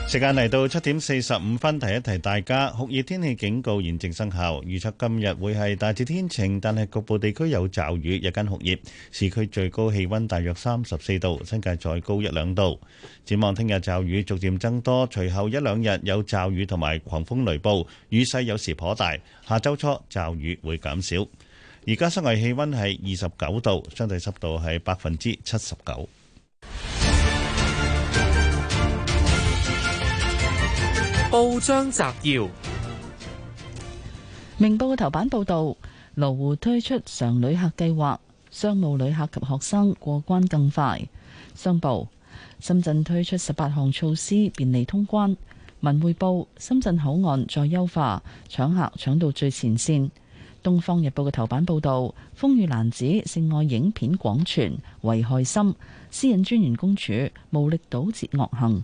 D: 時間嚟到七點四十五分，提一提大家酷熱天氣警告現正生效。預測今日會係大致天晴，但係局部地區有驟雨，日間酷熱。市區最高氣温大約三十四度，新界再高一兩度。展望聽日驟雨逐漸增多，隨後一兩日有驟雨同埋狂風雷暴，雨勢有時頗大。下周初驟雨會減少。而家室外氣温係二十九度，相對濕度係百分之七十九。
A: 報章摘要：
C: 明報嘅頭版報道，羅湖推出常旅客計劃，商務旅客及學生過關更快。商報：深圳推出十八項措施便利通關。文匯報：深圳口岸再優化，搶客搶到最前線。東方日報嘅頭版報道：風雨男子性愛影片廣傳為害深，私隱專員公署無力堵截惡行。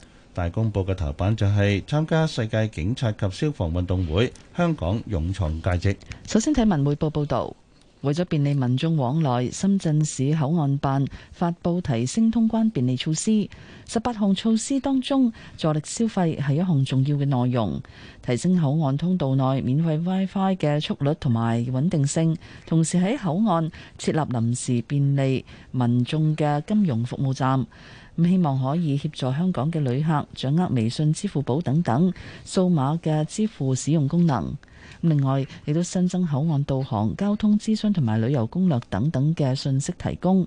D: 大公報嘅頭版就係參加世界警察及消防運動會，香港勇創佳績。首先睇文匯報報導，
C: 為咗便利民眾往來，深圳市口岸辦發布提升通關便利措施。十八項措施當中，助力消費係一項重要嘅內容。提升口岸通道內免費 WiFi 嘅速率同埋穩定性，同時喺口岸設立臨時便利民眾嘅金融服務站。咁希望可以協助香港嘅旅客掌握微信、支付寶等等數碼嘅支付使用功能。另外亦都新增口岸導航、交通諮詢同埋旅遊攻略等等嘅信息提供。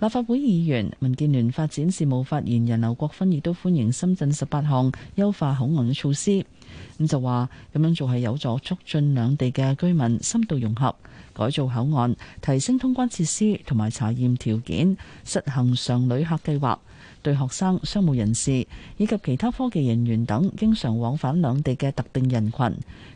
C: 立法會議員民建聯發展事務發言人劉國勳亦都歡迎深圳十八項優化口岸嘅措施。咁就話咁樣做係有助促進兩地嘅居民深度融合。改造口岸，提升通關設施同埋查驗條件，實行常旅客計劃。對學生、商務人士以及其他科技人員等經常往返兩地嘅特定人群，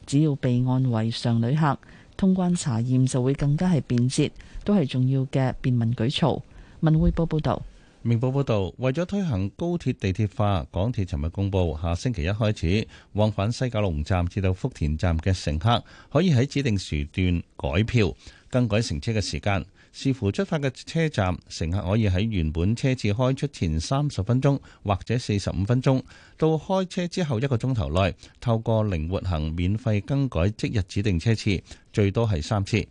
C: 只要備案為常旅客，通關查驗就會更加係便捷，都係重要嘅便民舉措。文匯報報導，
D: 明報報導，為咗推行高鐵地鐵化，港鐵尋日公佈，下星期一開始，往返西九龍站至到福田站嘅乘客可以喺指定時段改票，更改乘車嘅時間。視乎出發嘅車站，乘客可以喺原本車次開出前三十分鐘，或者四十五分鐘到開車之後一個鐘頭內，透過靈活行免費更改即日指定車次，最多係三次。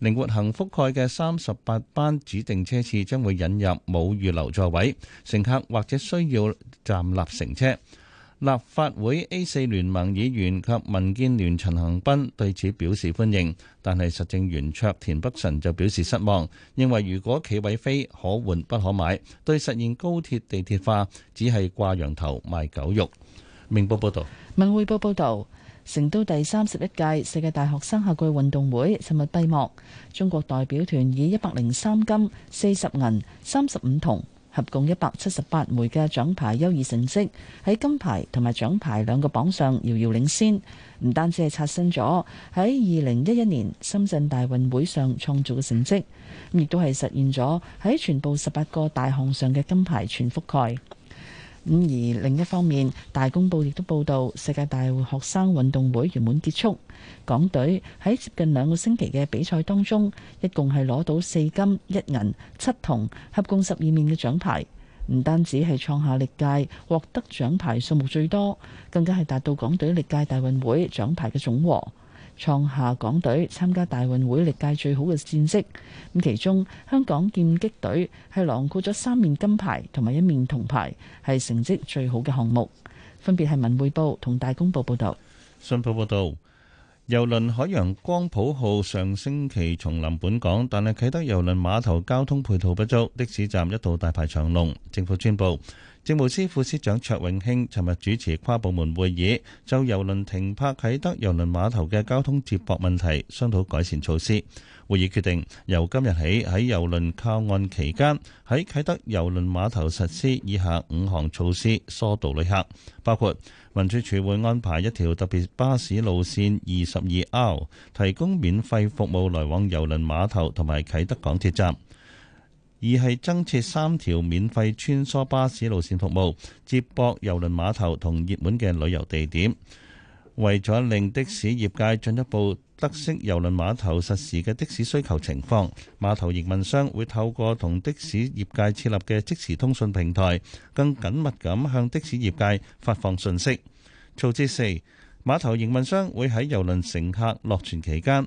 D: 靈活行覆蓋嘅三十八班指定車次將會引入冇預留座位，乘客或者需要站立乘車。立法會 A4 聯盟議員及民建聯陳恒鑌對此表示歡迎，但係實政圓桌田北辰就表示失望，認為如果企位飛可換不可買，對實現高鐵地鐵化只係掛羊頭賣狗肉。明報報導，
C: 文匯報報導，成都第三十一屆世界大學生夏季運動會尋日閉幕，中國代表團以一百零三金、四十銀、三十五銅。合共一百七十八枚嘅獎牌優異成績，喺金牌同埋獎牌兩個榜上遙遙領先，唔單止係刷新咗喺二零一一年深圳大運會上創造嘅成績，亦都係實現咗喺全部十八個大項上嘅金牌全覆蓋。咁而另一方面，大公報亦都報道世界大學生運動會圓滿結束，港隊喺接近兩個星期嘅比賽當中，一共係攞到四金一銀七銅，合共十二面嘅獎牌。唔單止係創下歷屆獲得獎牌數目最多，更加係達到港隊歷屆大運會獎牌嘅總和。創下港隊參加大運會歷屆最好嘅戰績，咁其中香港劍擊隊係囊括咗三面金牌同埋一面銅牌，係成績最好嘅項目。分別係文匯報同大公報
D: 報道。信報報道，郵輪海洋光譜號上星期重臨本港，但係啟德郵輪碼頭交通配套不足，的士站一度大排長龍。政府宣布。政務司副司長卓永興尋日主持跨部門會議，就郵輪停泊啟德郵輪碼頭嘅交通接駁問題，商討改善措施。會議決定，由今日起喺郵輪靠岸期間，喺啟德郵輪碼頭實施以下五項措施疏導旅客，包括民主處會安排一條特別巴士路線二十二 R，提供免費服務來往郵輪碼頭同埋啟德港鐵站。二係增設三條免費穿梭巴士路線服務，接駁郵輪碼頭同熱門嘅旅遊地點，為咗令的士業界進一步得悉郵輪碼頭實時嘅的，的士需求情況，碼頭營運商會透過同的士業界設立嘅即時通訊平台，更緊密咁向的士業界發放信息。措施四，碼頭營運商會喺郵輪乘客落船期間，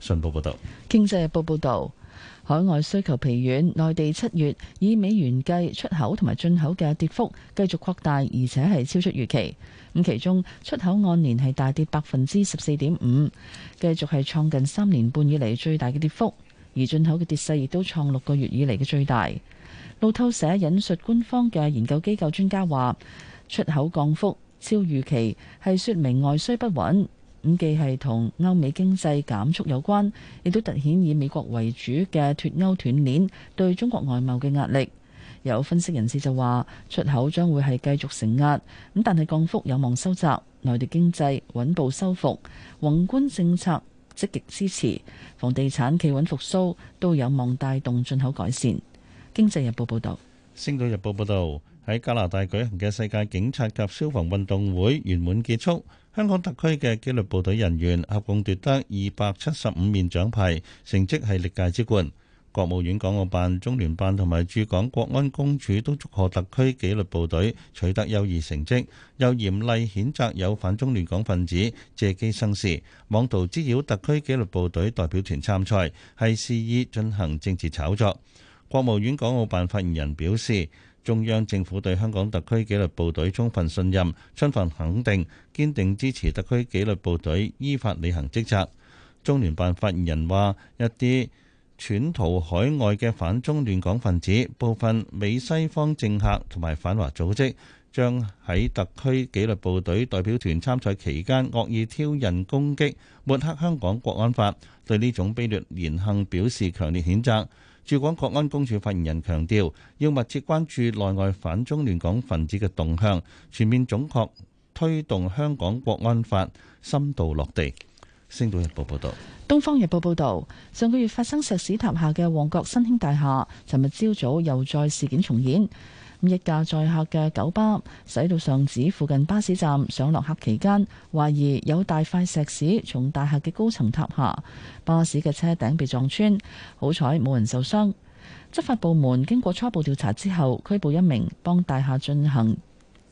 D: 信報報道，
C: 經濟日報報道，海外需求疲軟，內地七月以美元計出口同埋進口嘅跌幅繼續擴大，而且係超出預期。咁其中出口按年係大跌百分之十四點五，繼續係創近三年半以嚟最大嘅跌幅，而進口嘅跌勢亦都創六個月以嚟嘅最大。路透社引述官方嘅研究機構專家話，出口降幅超預期係說明外需不穩。咁既係同歐美經濟減速有關，亦都凸顯以美國為主嘅脫歐斷鏈對中國外貿嘅壓力。有分析人士就話，出口將會係繼續承壓，咁但係降幅有望收窄。內地經濟穩步修復，宏觀政策積極支持，房地產企穩復甦都有望帶動進口改善。經濟日報報道，
D: 星島日報報道，喺加拿大舉行嘅世界警察及消防運動會圓滿結束。香港特區嘅紀律部隊人員合共奪得二百七十五面獎牌，成績係歷屆之冠。國務院港澳辦、中聯辦同埋駐港國安公署都祝賀特區紀律部隊取得優異成績，又嚴厲譴責有反中亂港分子借機生事、妄圖滋擾特區紀律部隊代表團參賽，係肆意進行政治炒作。國務院港澳辦發言人表示，中央政府對香港特區紀律部隊充分信任，充分肯定，堅定支持特區紀律部隊依法履行職責。中聯辦發言人話：一啲潛逃海外嘅反中亂港分子，部分美西方政客同埋反華組織，將喺特區紀律部隊代表團參賽期間惡意挑釁、攻擊、抹黑香港國安法，對呢種卑劣言行表示強烈譴責。駐港國安公署發言人強調，要密切關注內外反中亂港分子嘅動向，全面準確推動香港國安法深度落地。星島日報報道，
C: 東方日報報道，上個月發生石屎塔下嘅旺角新興大廈，尋日朝早又再事件重演。一架載客嘅九巴駛到上址附近巴士站上落客期間，懷疑有大塊石屎從大廈嘅高層塌下，巴士嘅車頂被撞穿，好彩冇人受傷。執法部門經過初步調查之後，拘捕一名幫大廈進行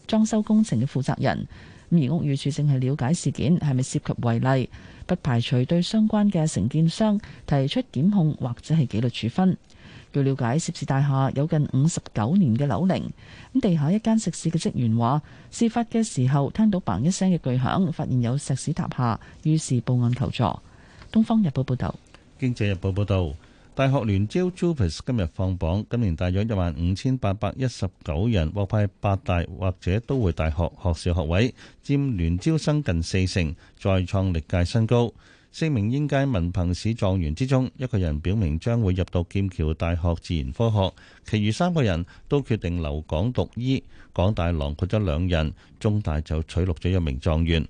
C: 裝修工程嘅負責人。而屋宇處正係了解事件係咪涉及違例，不排除對相關嘅承建商提出檢控或者係紀律處分。據了解，涉事大廈有近五十九年嘅樓齡。咁地下一間食肆嘅職員話，事發嘅時候聽到嘭一聲嘅巨響，發現有石屎塌下，於是報案求助。《東方日報》報道，
D: 《經濟日報》報道，大學聯招 JUPAS 今日放榜，今年大約一萬五千八百一十九人獲派八大或者都會大學學士學位，占聯招生近四成，再創歷屆新高。四名應屆文憑試狀元之中，一個人表明將會入讀劍橋大學自然科學，其餘三個人都決定留港讀醫。港大囊括咗兩人，中大就取錄咗一名狀元。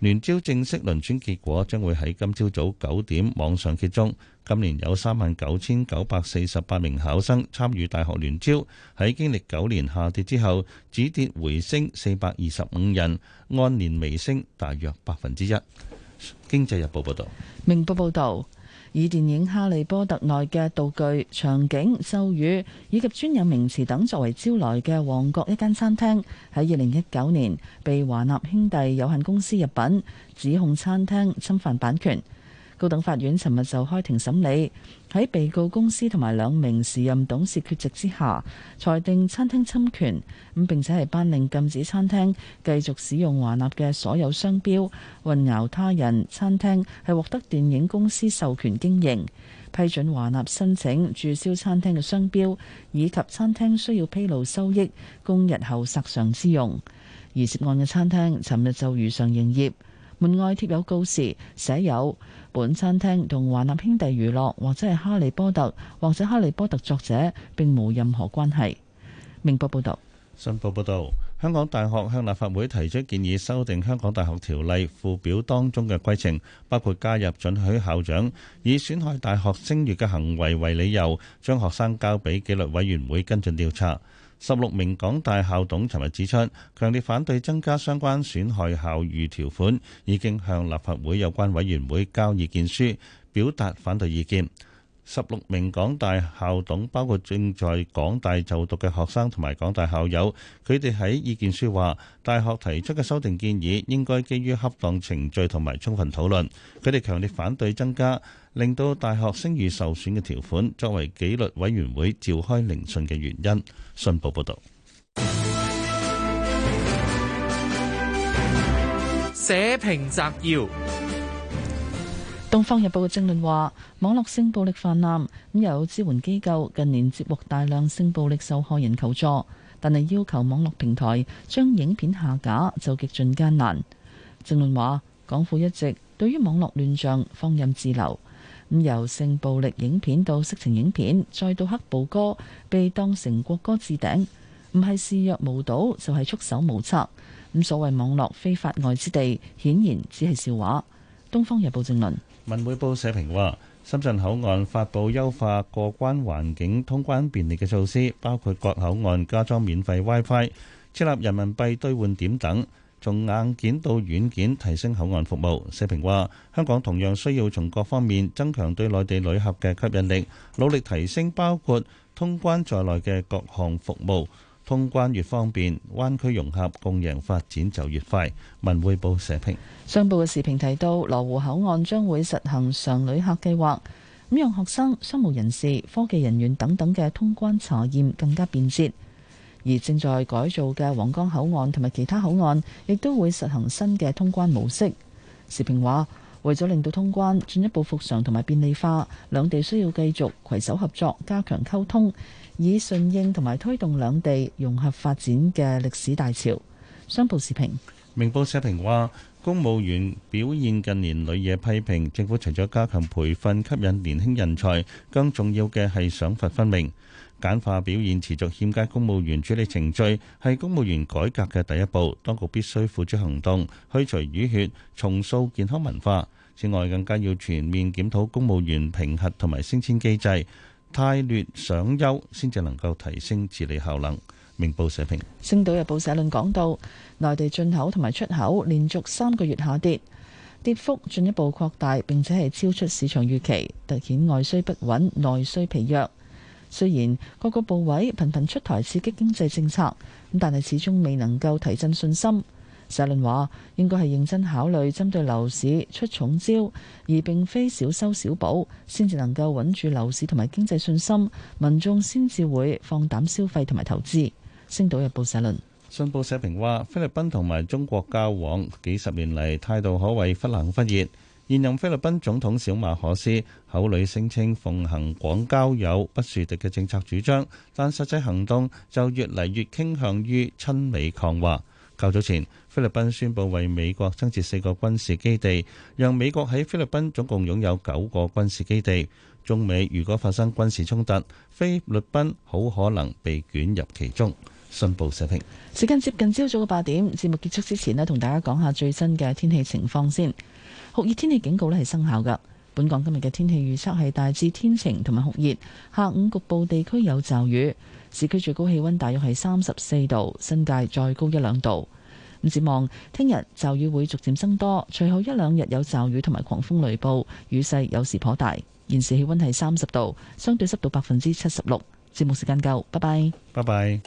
D: 聯招正式輪轉結果將會喺今朝早九點網上揭盅，今年有三萬九千九百四十八名考生參與大學聯招，喺經歷九年下跌之後，止跌回升四百二十五人，按年微升大約百分之一。經濟日報報道，
C: 明報報道，以電影《哈利波特》內嘅道具、場景、咒語以及專有名詞等作為招來嘅旺角一間餐廳，喺二零一九年被華納兄弟有限公司入稟，指控餐廳侵犯版權。高等法院尋日就開庭審理。喺被告公司同埋兩名時任董事缺席之下，裁定餐廳侵權咁，並且係頒令禁止餐廳繼續使用華納嘅所有商標，混淆他人。餐廳係獲得電影公司授權經營，批准華納申請註銷餐廳嘅商標，以及餐廳需要披露收益，供日後索償之用。而涉案嘅餐廳尋日就如常營業，門外貼有告示，寫有。本餐廳同華納兄弟娛樂或者係哈利波特或者哈利波特作者並無任何關係。明報報道：
D: 信報報導，香港大學向立法會提出建議，修訂香港大學條例附表當中嘅規程，包括加入准許校長以損害大學聲譽嘅行為為理由，將學生交俾紀律委員會跟進調查。十六名港大校董尋日指出，強烈反對增加相關損害校譽條款，已經向立法會有關委員會交意見書，表達反對意見。十六名港大校董包括正在港大就讀嘅學生同埋港大校友，佢哋喺意見書話，大學提出嘅修訂建議應該基於恰當程序同埋充分討論，佢哋強烈反對增加令到大學聲譽受損嘅條款，作為紀律委員會召開聆訊嘅原因。信報報道。社評摘要：
C: 《東方日報》嘅政論話，網絡性暴力泛濫，咁有支援機構近年接獲大量性暴力受害人求助，但係要求網絡平台將影片下架就極盡艱難。政論話，港府一直對於網絡亂象放任自流。咁由性暴力影片到色情影片，再到黑暴歌被當成國歌置頂，唔係視若無睹就係束手無策。咁所謂網絡非法外之地，顯然只係笑話。東方日報正論。
D: 《文匯報》社評話：深圳口岸發布優化過關環境、通關便利嘅措施，包括各口岸加裝免費 WiFi、設立人民幣兌換點等。從硬件到軟件提升口岸服務，社評話香港同樣需要從各方面增強對內地旅客嘅吸引力，努力提升包括通關在內嘅各項服務，通關越方便，灣區融合共贏發展就越快。文匯報社評，上報嘅視頻
C: 提到羅湖口岸將會實行常旅客計劃，咁讓學生、商務人士、科技人員等等嘅通關查驗更加便捷。而正在改造嘅皇崗口岸同埋其他口岸，亦都會實行新嘅通關模式。時評話，為咗令到通關進一步復常同埋便利化，兩地需要繼續携手合作，加強溝通，以順應同埋推動兩地融合發展嘅歷史大潮。商報時評，
D: 明報社評話，公務員表現近年屢惹批評，政府除咗加強培訓，吸引年輕人才，更重要嘅係賞罰分明。簡化表現持續欠佳，公務員處理程序係公務員改革嘅第一步，當局必須付諸行動，去除淤血，重塑健康文化。此外，更加要全面檢討公務員評核同埋升遷機制，汰劣賞優，先至能夠提升治理效能。明報社評。
G: 《星
C: 島日報》社論講到，內地進口同埋出口連續三個月下跌，跌幅進一步擴大，並且係超出市場預期，突顯外需不穩，內需疲弱。雖然各個部委頻頻出台刺激經濟政策，咁但係始終未能夠提振信心。社論話應該係認真考慮針對樓市出重招，而並非小修小補，先至能夠穩住樓市同埋經濟信心，民眾先至會放膽消費同埋投資。星島日報社論，
D: 信報社評話菲律賓同埋中國交往幾十年嚟，態度可謂忽冷忽熱。現任菲律賓總統小馬可斯口裏聲稱奉行廣交友、不樹敵嘅政策主張，但實際行動就越嚟越傾向於親美抗華。較早前，菲律賓宣布為美國增設四個軍事基地，讓美國喺菲律賓總共擁有九個軍事基地。中美如果發生軍事衝突，菲律賓好可能被捲入其中。信報社評。
C: 時間接近朝早嘅八點，節目結束之前咧，同大家講下最新嘅天氣情況先。酷熱天氣警告咧係生效噶。本港今日嘅天氣預測係大致天晴同埋酷熱，下午局部地區有驟雨。市區最高氣溫大約係三十四度，新界再高一兩度。咁展望聽日驟雨會逐漸增多，隨後一兩日有驟雨同埋狂風雷暴，雨勢有時頗大。現時氣溫係三十度，相對
M: 濕度百分之七十六。節目時間夠，拜拜，
C: 拜拜。